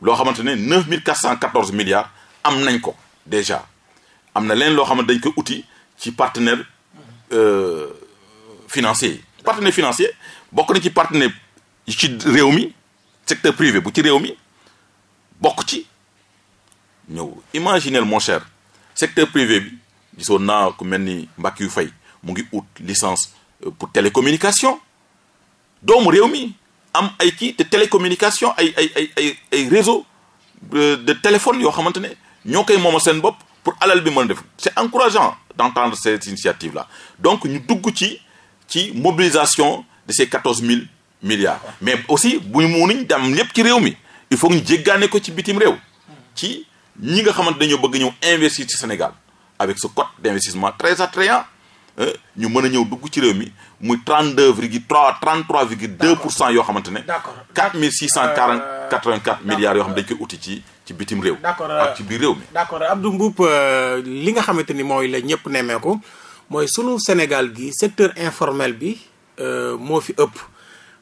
loo xamante ne neuf mille quatre cent quatorze milliards am nañ ko déjà am na leen loo xamante dañ ko uti ci partenaire financier yi partenaire financier bokk na ci partenaire ci réew mi secteur privé bu ci réew mi bokk ci ñëw imaginez mon cher secteur privé bi gisoon naa ku mel ni mbàkk yu fay mu ngi ut licence euh, pour télécommunication doomu réew mi am ay kii te télécommunication ay ay ay ay ay réseau euh, de téléphone yoo xamante ne ñoo koy moomal seen bopp pour alal bi mën a def c'est encourageant d'entendre cette initiative la donc ñu dugg ci ci mobilisation de ces quatorze mille milliards mais aussi bu mu niñ dem ñëpp ci réew mi il faut ñu jéggaane ko ci bitim réew ci ñi nga xamante dañoo bëgg ñëw investir ci Sénégal avec ce code d'investissement très attrayant ñu mën a ñëw dugg ci réew mi muy trent deux virgule trois trente trois virgule deux pour cent yoo xamante ne. d'accord quatre mille six cent quarante quatre vingt euh, quatre milliards yoo xam dañ koy uti ci ci bitim réew. d'accord ak ci biir réew mi. d'accord Abdou euh, li nga xamante ni mooy la ñëpp nemmeeku mooy sunu Sénégal gi secteur informel bi euh, moo fi ëpp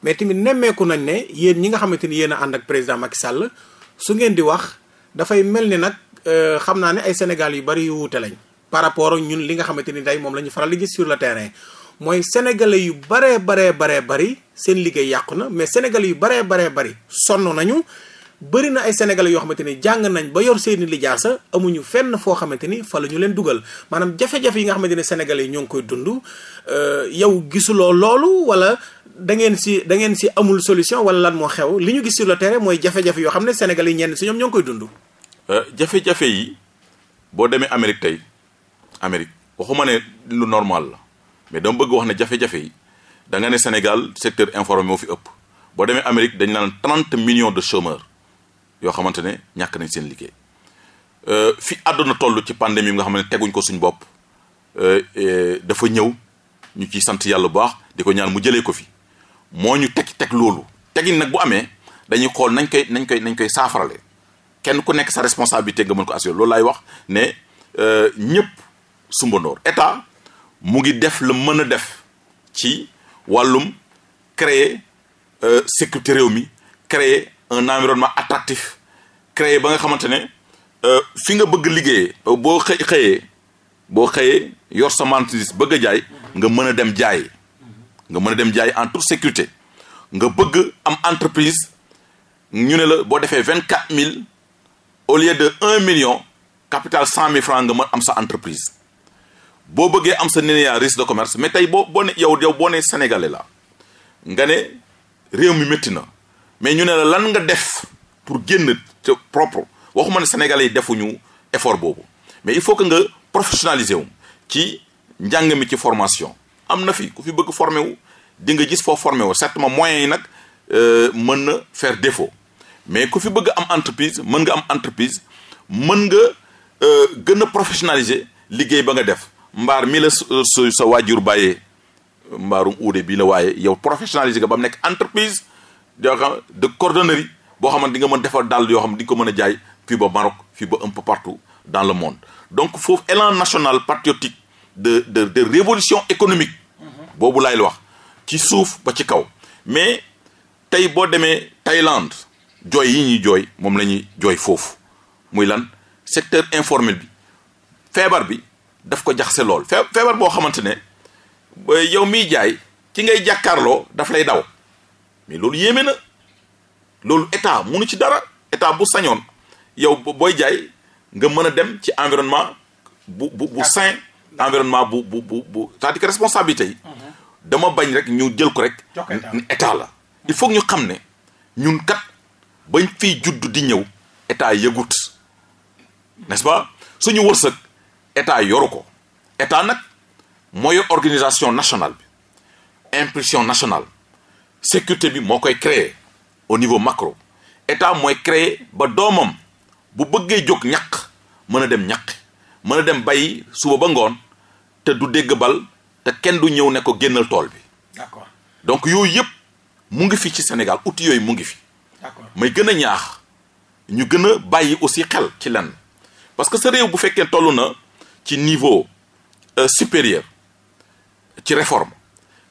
mais tamit nemmeeku nañ ne yéen ñi nga xamante ni yéen a ànd ak président Macky Sall su ngeen di wax dafay mel ni nag. Euh, xam naa ne ay Sénégal yu bari yu wuute lañ par rapport ñun li nga xamante ni tey moom la ñu faral li gis sur terrain mooy sénégalais yu baree baree baree bari seen liggéey yàqu na mais sénégal yu baree baree bari sonn nañu bëri na ay sénégalais yoo xamante ni jàng nañ ba yor seeni lijaasa amuñu fenn foo xamante ni fa la ñu leen dugal maanaam jafe-jafe yi nga xamante ni sénégalais yi ñoo ngi koy dund euh, yow gisuloo loolu wala da ngeen si da ngeen si amul solution wala lan moo xew li ñu gis sur le terrain mooy jafe xam ne sénégalais yi ñenn si ñoom ñoo ngi koy dund. Euh, jafe-jafe yi boo demee Amérique tey Amérique waxuma ne lu normal la mais dama bëgg wax ne jafe-jafe yi da ne Sénégal secteur informel moo fi ëpp boo demee Amérique dañ naan trente million de chômeurs yoo xamante ne ñàkk nañ seen liggéey euh, fi àdduna toll ci pandémie bi nga xam ne teguñ ko suñ bopp euh, dafa ñëw ñu ciy sant yàlla bu baax di ko ñaan mu jëlee ko fi moo ñu teg teg loolu tegin nag bu amee dañuy xool nañ koy nañ koy nañ koy saafarale kenn ku nekk sa responsabilité nga mën ko assurer loolu laay wax ne euh, ñëpp sumbandoor état mu ngi def la mën a def ci wàllum créer euh, sécurité réew mi créer un environnement attractif créer ba nga xamante ne euh, fi nga bëgg liggéeyee boo xëy xëyee boo xëyee yor sa marchandise bëgg a jaay nga mën a dem jaay nga mën a dem jaay en tout sécurité nga bëgg am entreprise ñu ne la boo defee vingt quatre mille au lieu de un million capital cent mille francs nga mën am sa entreprise boo bëggee am sa NINEA registre de commerce mais tey boo boo ne yow yow boo ne sénégalais la nga ne réew mi métti na mais ñu ne la lan nga def pour génn te propre waxuma ne sénégalais yi defuñu effort boobu mais il faut que nga professionnaliser wu ci njàng mi ci formation am na fi ku fi bëgg formé wu di nga gis foo formé wu certainement moyens yi nag euh, mën na faire défaut mais ku fi bëgg am entreprise mën nga am entreprise mën nga euh, gën a professionnaliser liggéey ba nga def mbaar mii la su sa waajur bàyyee mbaarum uude bii la waaye yow professionnaliser nga ba mu nekk entreprise yoo xam de cordonnerie boo xam ne di nga mën defar dàll yoo xam ne di ko mën a jaay fii ba Maroc fii ba un peu partout dans le monde donc foofu élan national patriotique de de de révolution économique boobu laay la wax ci suuf ba ci kaw mais tey boo demee Thaïlande jooy yi ñuy jooy moom la ñuy jooy foofu muy lan secteur informel bi feebar bi daf ko jaxase lool feebar boo xamante ne yow miy jaay ci ngay jàkkaarloo daf lay daw mais loolu yéeme na loolu état munu ci dara état bu sañoon yow booy jaay nga mën a dem ci environnement bu bu bu sain environnement bu bu bu bu c'est-à-dire yi mhm. dama bañ rek ñu jël ko rek état la il faut ñu xam ne ñun kat bañ fii juddu di ñëw état yëgut n'est-ce suñu wërsëg état yoru ko état nag mooy organisation nationale bi impulsion nationale sécurité bi moo koy créer au niveau macro état mooy crée ba doomam bu bëggee jóg ñaq mën a dem ñaq mën a dem bay suba ba ngoon te du dégg bal te kenn du ñëw ne ko génnal tool bi d'accord donc yooyu yëpp mu ngi fi ci Sénégal outil yooyu mu ngi fi may gën a ñaax ñu gën a bàyyi aussi xel ci lenn parce que sa réew bu fekkee toll na ci niveau euh, supérieur ci réforme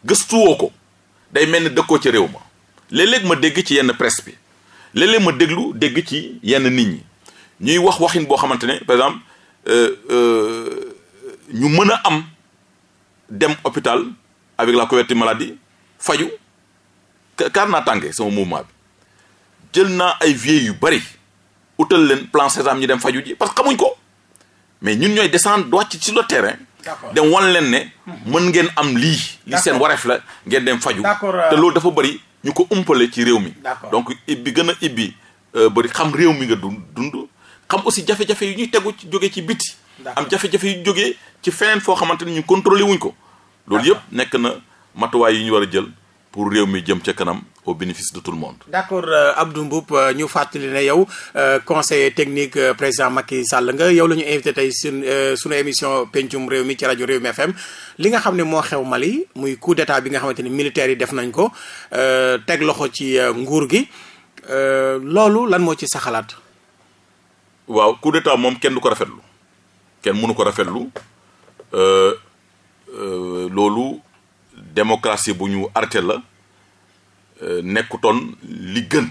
gëstuwoo ko day mel ni dëkkoo ci réew ma léeg ma dégg ci yenn presse bi léeg ma déglu dégg ci yenn nit ñi ñuy wax waxin boo xamante ne par exemple euh, euh, ñu mën a am dem hôpital avec la couverture maladie faju kaar naa tànge sama mouvement bi jël naa ay vieux yu bari utal leen plan sésame ñu dem faju ji parce que xamuñ ko mais ñun ñooy descendre wàcc ci le terrain. dem wan leen ne. mën ngeen am lii. li seen la ngeen dem faju euh, te loolu dafa bari ñu ko umpale ci réew mi. donc ibbi gën a ibbi euh, bari xam réew mi nga dund dund. xam aussi jafe-jafe yu ñuy tegu ci jógee ci biti. am jafe-jafe yu jóge ci feneen foo xamante ni ñu contrôlé wuñ ko. loolu yëpp nekk na matuwaay yu ñu war a jël. pour réew mi jëm ca kanam au bénéfice de tout le monde. d' accord euh, Abdou Mboup euh, ñu fàttali ne yow euh, conseiller technique président Macky sàll nga yow la ñu invité tey sun sunu émission pencum réew mi ci rajo Réew mi FM li nga xam ne moo xew Mali muy coup d' bi nga xamante ni militaires yi def nañ ko teg loxo ci nguur gi loolu lan moo ci sa xalaat. waaw coup d' moom kenn du ko rafetlu kenn mënu ko rafetlu loolu. démocratie bu ñu arrêté la euh, nekkutoon li gën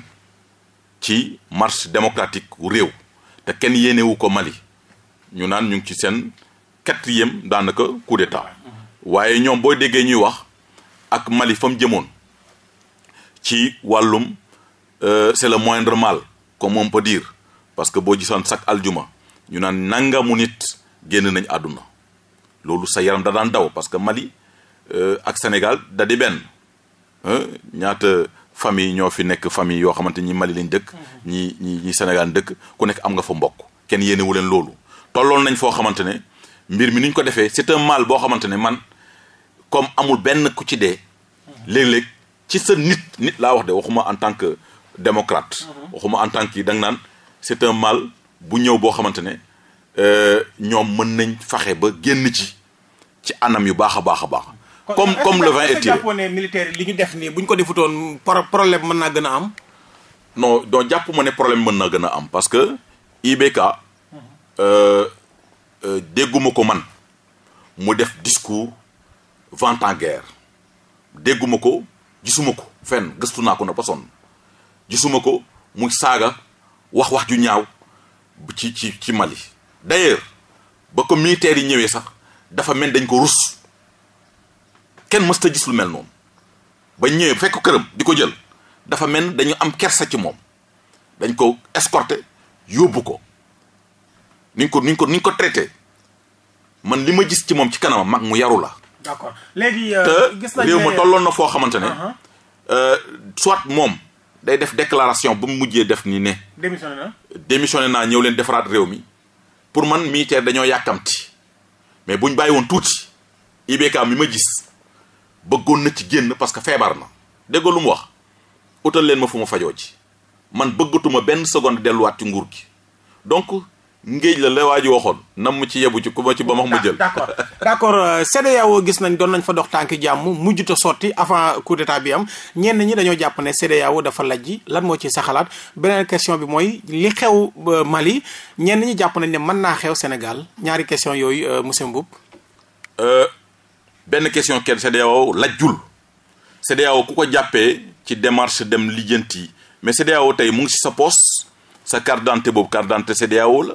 ci marche démocratique wu réew te kenn yéenewu ko Mali ñu naan ñu ngi ci seen quatrième daanaka coup d'état waaye ñoom booy déggee ñuy wax ak Mali fa jëmoon ci wàllum euh, c'est le moindre mal comme on diir dire parce que boo gisoon sac aljuma ñu naan nangamu nit génn nañ àdduna loolu sa yaram da daan daw parce que Mali Euh, ak Sénégal da di benn ñaata famille ñoo fi nekk famille yoo xamante ñi Mali lañ dëkk mm-hmm. ñi ñi Sénégal dëkk ku nekk am nga fa mbokk kenn yéenewu leen loolu tolloon nañ foo xamante ne mbir mi ni ñu ko defee c'est te mal boo xamante ne man comme amul benn ku ci dee mm-hmm. léeg-léeg ci sa nit nit laa wax de waxuma en tant que démocrate mm-hmm. waxuma en tant que da nga naan c'est un mal bu ñëw boo xamante ne euh, ñoom mën nañ faxe ba génn ci ci anam yu baax a baax a baax comme comme le vin est tiré jàppoo ne li ñu def nii buñ ñu ko defutoon problème mën naa gën a am noo donc jàpp ma ne problème mën naa gën a am parce que IBK euh, euh, dégguma ko man mu def discours vingt ans dégguma ko gisuma ko fenn gëstu naa ko na ba sonn gisuma ko muy saaga wax wax ju ñaaw ci ci ci Mali d'ailleurs ba ko militaires yi ñëwee sax dafa mel dañ ko rus kenn mësta gis lu mel noonu ba ñëwee fekk këram di ko jël dafa mel ni dañu am kersa ci moom dañ ko escorter yóbbu ko ni ñu ko ni ko ni ko traité man li ma gis ci moom ci kanamam mag mu yaru la. d'accord léegi euh, gis nañ te réew ma tolloon na foo xamante ne. Uh-huh. Euh, soit moom day def déclaration ba mu mujjee def nii ne. démissionné na démissionné naa ñëw leen defaraat réew mi pour man militaire dañoo yàkkamti mais buñ bàyyi woon tuuti IBK mi ma gis. bëggoon na ci génn parce que feebar na dégg wax utal leen ma fu ma fajoo ci man bëggatuma benn seconde delluwaat ci nguur gi donc ngéej la la waa ji waxoon nam mu ci yebu ci ku ma ci ba max ma jël d'accord d'accord euh, CEDEAO gis nañ doon nañ fa dox tànk jàmm mujjuta sotti avant coup bi am ñenn ñi dañoo jàpp ne CEDEAO dafa lajji lan moo ci sa xalaat beneen question bi mooy li xew euh, Mali ñenn ñi jàpp nañ ne mën naa xew Sénégal ñaari question yooyu euh, monsieur Mboup benn question kenn CEDEAO lajjul CEDEAO ku ko jàppee ci démarche dem lijjanti mais CEDEAO tey mu ngi si sa poos sa carte d'identité boobu carte d'identité CEDEAO la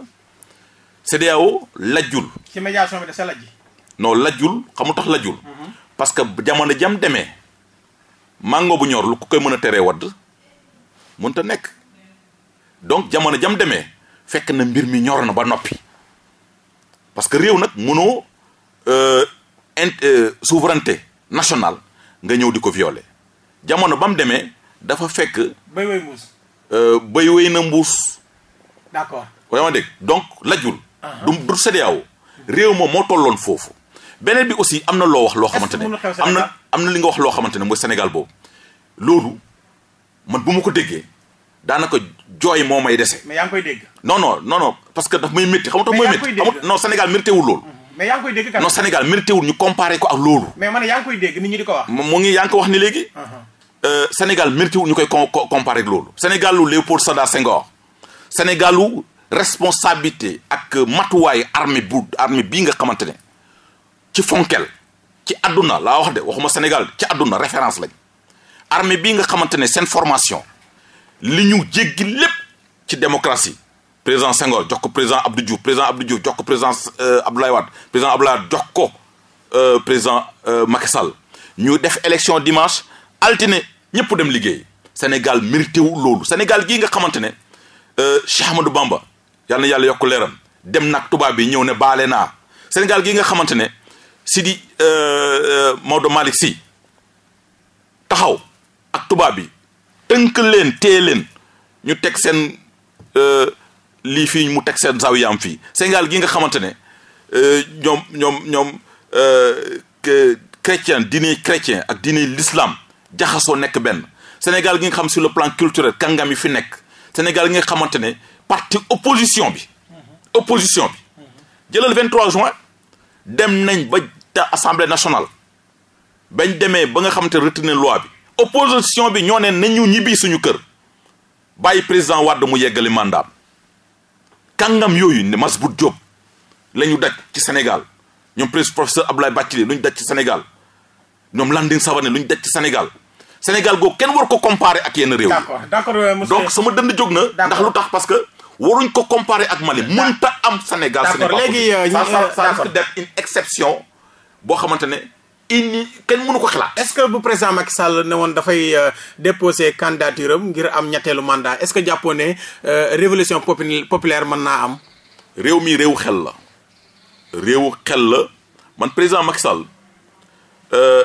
CEDEAO lajjul. ci médiation bi da sa lajj. non lajjul xamu tax lajjul. Mhm. parce que jamono jam demee mango bu ñor lu ku koy mën a teree wadd mënut a nekk donc jamono jam demee fekk na mbir mi ñor na ba noppi parce que réew nag mënoo. Euh, in euh, souveraineté nationale nga ñëw di ko violer jamono ba mu demee dafa fekk. béy wéy mbuus. Euh, béy wéy na mbuus. d'accord vraiment dégg donc lajjul. Uh-huh. du du CEDEAO réew moom moo tolloon foofu. beneen bi aussi am na loo wax loo xamante ne am na am na li nga wax loo xamante ne mooy Sénégal boobu loolu man bu ma ko déggee daanaka jooy moo may dese. mais yaa ngi koy dégg. non parce que daf may métti xam nga tax mooy métti Sénégal mérité loolu. Uh-huh. mais yaa ngi Sénégal mérité wul ñu comparé ko ak loolu. mais ngi di ko wax. mu ngi yaa ngi ko wax ni léegi. Uh-huh. Euh, Sénégal mérité wul ñu koy comparé ak loolu. Sénégal lu Léopold Sédar Senghor. Sénégal lu responsabilité ak matuwaay armée bu armée bii nga xamante ne ci fonkel ci àdduna laa wax de waxuma Sénégal ci àdduna référence lañ armée bii nga xamante ne seen formation li ñu jéggi lépp ci démocratie. président Senghor jox ko président Abdou Diouf président Abdou Diouf jox ko président euh, Abdoulaye Wade président Abdoulaye Wade jox ko euh, président euh, Macky ñu def élection dimanche altine ñëpp dem liggéey Sénégal mérité wu loolu Sénégal gii nga xamante ne Cheikh Ahmadou Bamba yal na yàlla yokk leeram dem nag tubaab bi ñëw ne baale naa Sénégal gii nga xamante ne Sidi Maodo Malick Sy taxaw ak tubaab bi tënk leen téye leen ñu teg seen. lii fii mu teg seen zawiya fii Sénégal gi nga xamante ne euh, ñoom ñoom ñoom euh, chrétien diine chrétien ak diine lislaam jaxasoo nekk benn Sénégal gi nga xam sur le plan culturel kàngam yi fi nekk Sénégal gi nga xamante ne parti opposition bi opposition bi jëlal 23 juin dem nañ ba assemblée nationale bañ demee ba nga xamante retenir loi bi opposition bi ñoo ne nañu ñibbi suñu kër bàyyi président Wade mu yeggali mandat kàngam yooyu ne Masbut Diop la ñu daj ci Sénégal ñoom professeur Abdoulaye Bathily lu ñu daj ci Sénégal ñoom Landing Savané lu ñu daj ci Sénégal Sénégal googu kenn war ko comparer ak yenn réew yi donc sama dënd jóg na ndax lu tax parce que waruñ ko comparer ak Mali ta am Sénégal Sénégal léegi euh, ça ça risque d'être une exception boo xamante ne inni kenn mënu ko xalaat. est-ce que bu président Macky Sall ne woon dafay euh, déposer candidature am ngir am ñetteelu mandat est-ce que jàppoo ne euh, révolution populaire mën naa am. réew mii réew xel la. réewu xel la man président Macky Sall euh,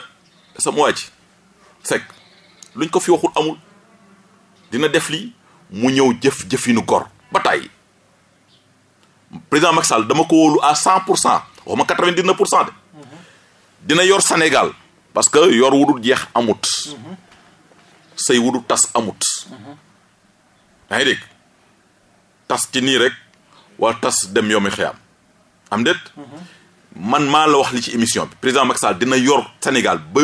sama waa ji Seck luñ ko fi waxul amul dina def lii mu ñëw jëf jëfinu gor ba tàyyi président Macky Sall dama ko wóolu à cent pour cent waxuma quatre vingt dix pour cent de. dina yor Sénégal parce que yor wudul jeex amut say wudul tas amut yaa ngi dégg tas ci nii rek wala tas dem yoomi xeyaam am déet man maa la wax li ci émission bi président Macky Sall dina yor Sénégal ba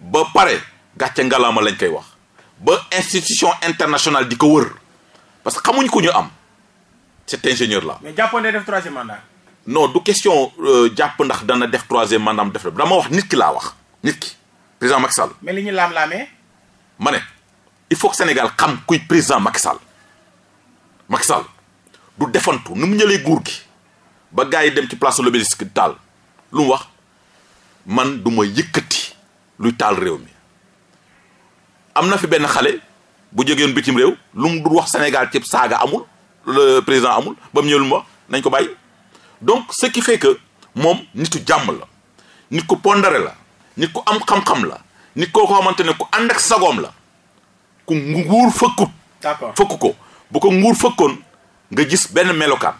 ba pare gàcce ngalaama lañ koy wax ba institution internationale di ko wër parce que xamuñ ko ñu am cet ingénieur là. mais jàppoon def troisième mandat. non du question euh, jàpp ndax dana def troisième mandat def la dama wax nit ki laa wax nit ki président Macky Sall. mais li ñu laam-laamee. ma ne il faut que Sénégal xam kuy président Macky Sall Macky Sall du defantu nu mu ñëlee guur gi ba gars yi dem ci place de l'Obélisque taal lu mu wax man du ma yëkkati luy taal réew mi am na fi benn xale bu jógeyoon bitim réew lu mu du wax Sénégal ci saaga amul le président amul ba mu ñëw lu nañ ko bàyyi. donc ce qui fait que moom nitu jàmm la nit ko pondéré la nit ko am xam-xam la nit koo ko xamante ne ku ànd ak sagoom la ku nguur fëkkut d'accord fëkku ko bu ko nguur fëkkoon nga gis benn melokaan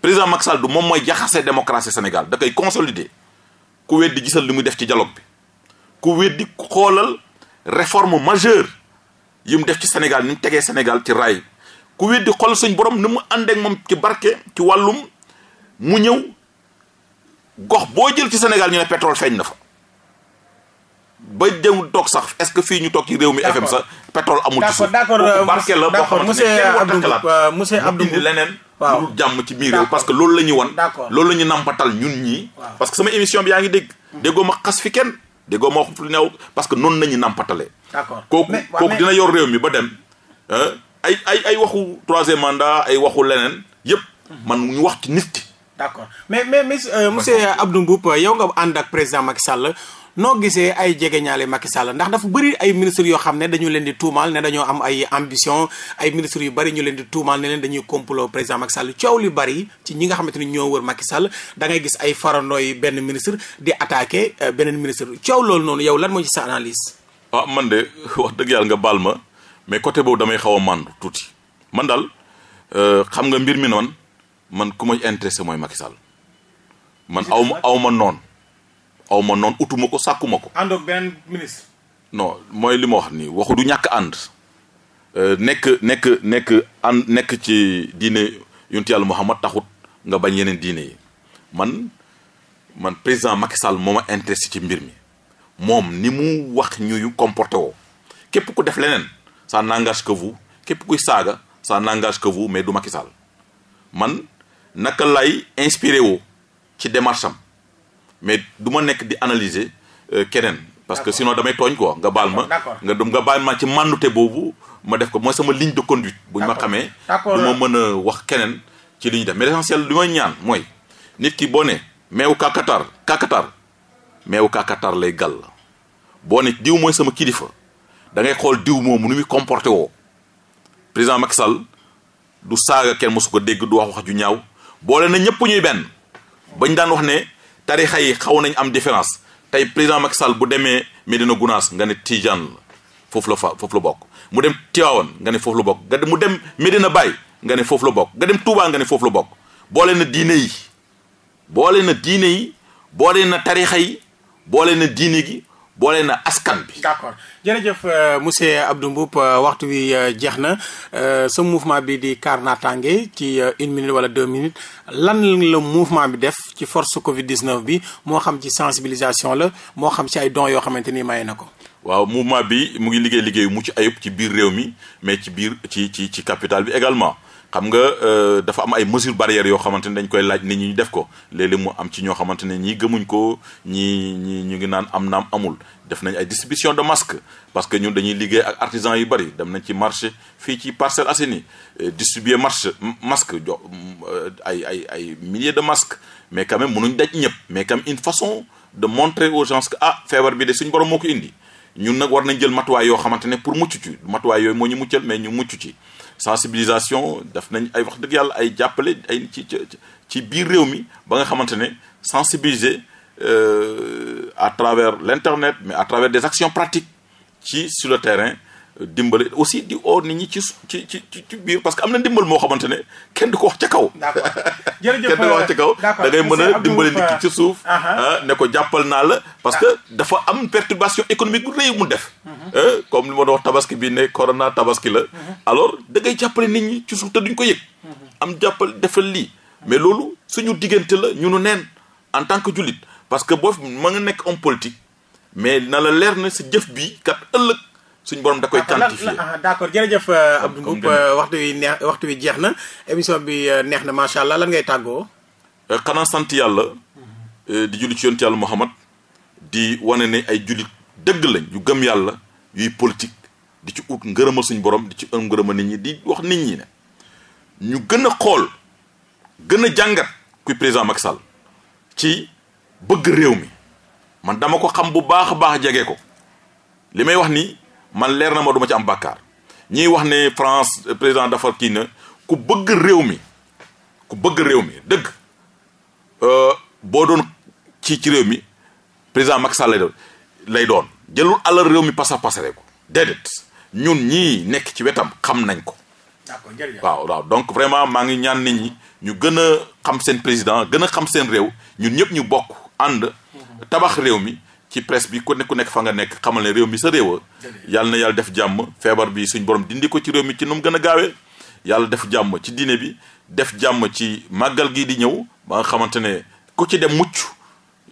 président Macky Sall moom mooy jaxase démocratie Sénégal da koy consolider ku weddi gisal li muy def ci dialogue bi ku weddi xoolal réforme majeure yi mu def ci Sénégal ni tegee Sénégal ci raay ku weddi xoolal suñ borom ni mu àndeek moom ci barke ci wàllum mu ñëw gox boo jël ci senegal ñu ne pétrole feeñ na fa ba jëm toog sax est-ce que fii ñu toog ci réew mi FM sax pétrole amul ci suuf d'accord euh, barke la boo xamante ne kenn euh, monsieur Abdou indi leneen lu jàmm ci biir réew parce que loolu la ñuy wan loolu la ñu nampatal ñun ñii parce que sama émission bi yaa ngi dégg déggoo ma xas fi kenn déggoo ma wax lu neew parce que noonu nañu nampatalee kooku kooku dina yor réew mi ba dem ay ay ay waxu troisième mandat ay waxu leneen yépp hmm. man ñu wax ci nit d' accord mais mais euh, monsieur monsieur Abdou Mboup yow nga ànd ak président Macky Sall noo gisee ay jegeñaale Macky Sall ndax dafa bëri ay ministres yoo xam ne dañu leen di tuumaal ne dañoo am ay ambition ay ministres yu bëri ñu leen di tuumaal ne leen dañuy complot président Macky Sall coow li bari ci ñi nga xamante ni ñoo wër Macky Sall da ngay gis ay farandooy benn ministre di attaqué euh, beneen ministre coow loolu noonu yow lan moo ci sa analise waaw ah, man de wax dëgg yàlla nga baal ma mais côté boobu damay xaw a màndu tuuti man daal euh, xam nga mbir mi noonu. man ku may intéressé mooy Macky Sall man aw ma aw ma noon aw ma noonu utuma ko sàkkuma ko. ànd ak benn ministre. mooy li ma wax nii waxu du ñàkk ànd. Euh, nekk nekk nekk ànd nekk ci diine yonent yàlla Muhammad taxut nga bañ yeneen diine yi man man président Macky Sall moo ma intéressé ci mbir mi moom ni mu wax ñuy comporté woo képp ku def leneen saa n'engage que vous képp kuy saaga saa n'engage que vous mais du Macky man. naka lay inspiré woo ci démarche am mais du ma nekk di analyser euh, keneen parce que sinon damay tooñ quoi nga baal ma nga dem nga baal ma ci màndute boobu ma def ko mooy sama ligne de conduite buñ ma xamee du ma mën a wax keneen ci li ñu def mais l'essentiel li may ñaan mooy nit ki boo ne meewu kakatar kakatar meewu kakatar lay gàll boo ne diw mooy sama kilifa da ngay xool diw moom lu muy comporté woo président Macky Sall du saaga kenn mosu ko dégg du wax wax ju ñaaw boole na ñëpp ñuy benn bañ daan wax ne tarixa yi xaw nañ am différence tey président Macky Sall bu demee Medina Gounass nga ne Tidiane foofu la fa foofu la bokk mu dem Tivaouane nga ne foofu bokk nga mu dem Medina Baye nga ne foofu la bokk nga dem Touba nga ne foofu la bokk boole na diine yi boole na diine yi boole na tarixa yi boole na diine gi boole na askan bi. d'accord jërëjëf euh, monsieur Abdou Mboup euh, waxtu wi euh, jeex na sa mouvement bi di Kaar Natangué ci une minute wala deux minutes lan la mouvement bi def ci force Covid bi moo xam ci sensibilisation la moo xam ci ay dons yoo xamante ni maye na ko. waaw mouvement bi mu ngi liggéey liggéey mucc ayib ci biir réew mi mais ci biir ci ci ci capitale bi également. xam nga euh, dafa am ay mesures barrières yoo xamante ne dañ koy laaj nit ñi ñu def ko léeg-léeg mu am ci ñoo xamante ne ñii gëmuñ ko ñi ñii ñu ngi naan am naam amul def nañ ay distribution de masque parce que ñun dañuy liggéey ak artisan yu bari dem nañ ci marché fii ci Parcelles Assainies euh, distribuer marché masque jo euh, ay ay ay milliers de masques mais quand même mënuñ daj ñëpp mais quand une façon de montrer aux gens que ah feebar bi de suñ borom moo ko indi ñun nag war nañ jël matuwaay yoo xamante ne pour mucc ci matuwaay yooyu moo ñu muccal mais ñu mucc ci sensibilisation def nañ ay wax dëgg yàlla ay jàppale ay ci ci biir réew mi ba nga xamante ne sensibiliser euh, à travers l'internet mais à travers des actions pratiques ci sur le terrain dimbale aussi di oo nit ñi ci ci ci ci biir parce que am na ndimbal moo xamante ne kenn di ko wax ca kaw. d'accord jërëjëf kenn du ko wax ca kaw euh, da ngay mën a dimbale nit ki ci suuf. Uh-huh. Ah, ne ko jàppal naa la. parce que ah. dafa am perturbation économique bu rëy mu def. Uh-huh. Eh, comme li ma doon wax tabaski bi ne corona tabaski la. Uh-huh. alors da jàppale nit ñi ci suuf te duñ ko yëg. am jàppal defal lii. mais loolu suñu diggante la ñu nu neen en tant que jullit parce que boo ma nga nekk homme politique mais na la leer na sa jëf bii kat ëllëg. suñ borom da koy ah, quantifier ah, d'accord jërëjëf euh, Abdou Mboup euh, waxtu wi neex waxtu wi jeex na émission bi euh, neex na macha allah lan ngay tàggoo xanaa sant yàlla di julli ci yonent yàlla Muhammad di wane ne ay jullit dëgg lañ yu gëm yàlla yuy politique di ci ut ngërëmal suñ borom di ci ut ngërëmal nit ñi di wax nit ñi ne ñu gën a xool gën a jàngat kuy président Macky Sall ci bëgg réew mi man dama ko xam bu baax a baax jege ko li may wax ni man leer na ma duma ma ci am bàkkaar ñiy wax ne France président dafa kii na ku bëgg réew mi ku bëgg réew mi dëgg euh, boo doon ci ci réew mi président Macky Sall lay doon lay doon jëlul alal réew mi pasa pasare ko déedéet ñun ñii nekk ci wetam xam nañ ko waaw waaw donc vraiment maa ngi ñaan nit ñi ñu gën a xam seen président gën a xam seen réew ñun ñëpp ñu bokk ànd tabax réew mi ci presse bi ku nekk ku nekk fa nga nekk xamal ne réew mi sa réewa yàlla na yàlla def jàmm feebar bi suñ borom dindi ko ci réew mi ci nu mu gën a gaawee yàlla def jàmm ci diine bi def jàmm ci màggal gi di ñëw ba nga xamante ne ku ci dem mucc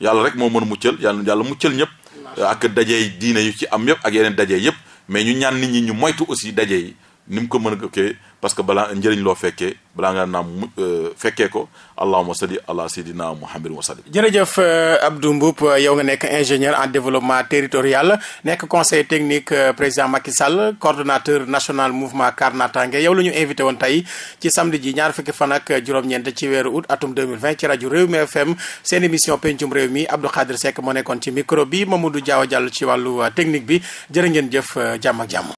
yàlla rek moo mën a muccal yàlla yàlla muccal ñëpp ak dajey diine yu ci am yëpp ak yeneen dajey yëpp mais ñu ñaan nit ñi ñu moytu aussi daje yi ni mu ko mën a parce que balaa njëriñ loo fekke balaa nga naam mu euh, fekkee ko allahuma salli ala sayyidina muhammadin wa sallim jërëjëf euh, Abdou Mboup yow nga nekk ingénieur en développement territorial nekk conseil technique euh, président Macky Sall coordonnateur national mouvement Karr Natangué yow la ñu invité woon tey ci samedi ji ñaar fukki fan ak juróom-ñeent ci weeru août atum 2020 ci rajo Rewmi FM seen émission pencum réew mi Abdou Khadre Seck moo nekkoon ci micro bi Mamadou Diaw jàll ci wàllu technique bi jërë ngeen jëf jàmm ak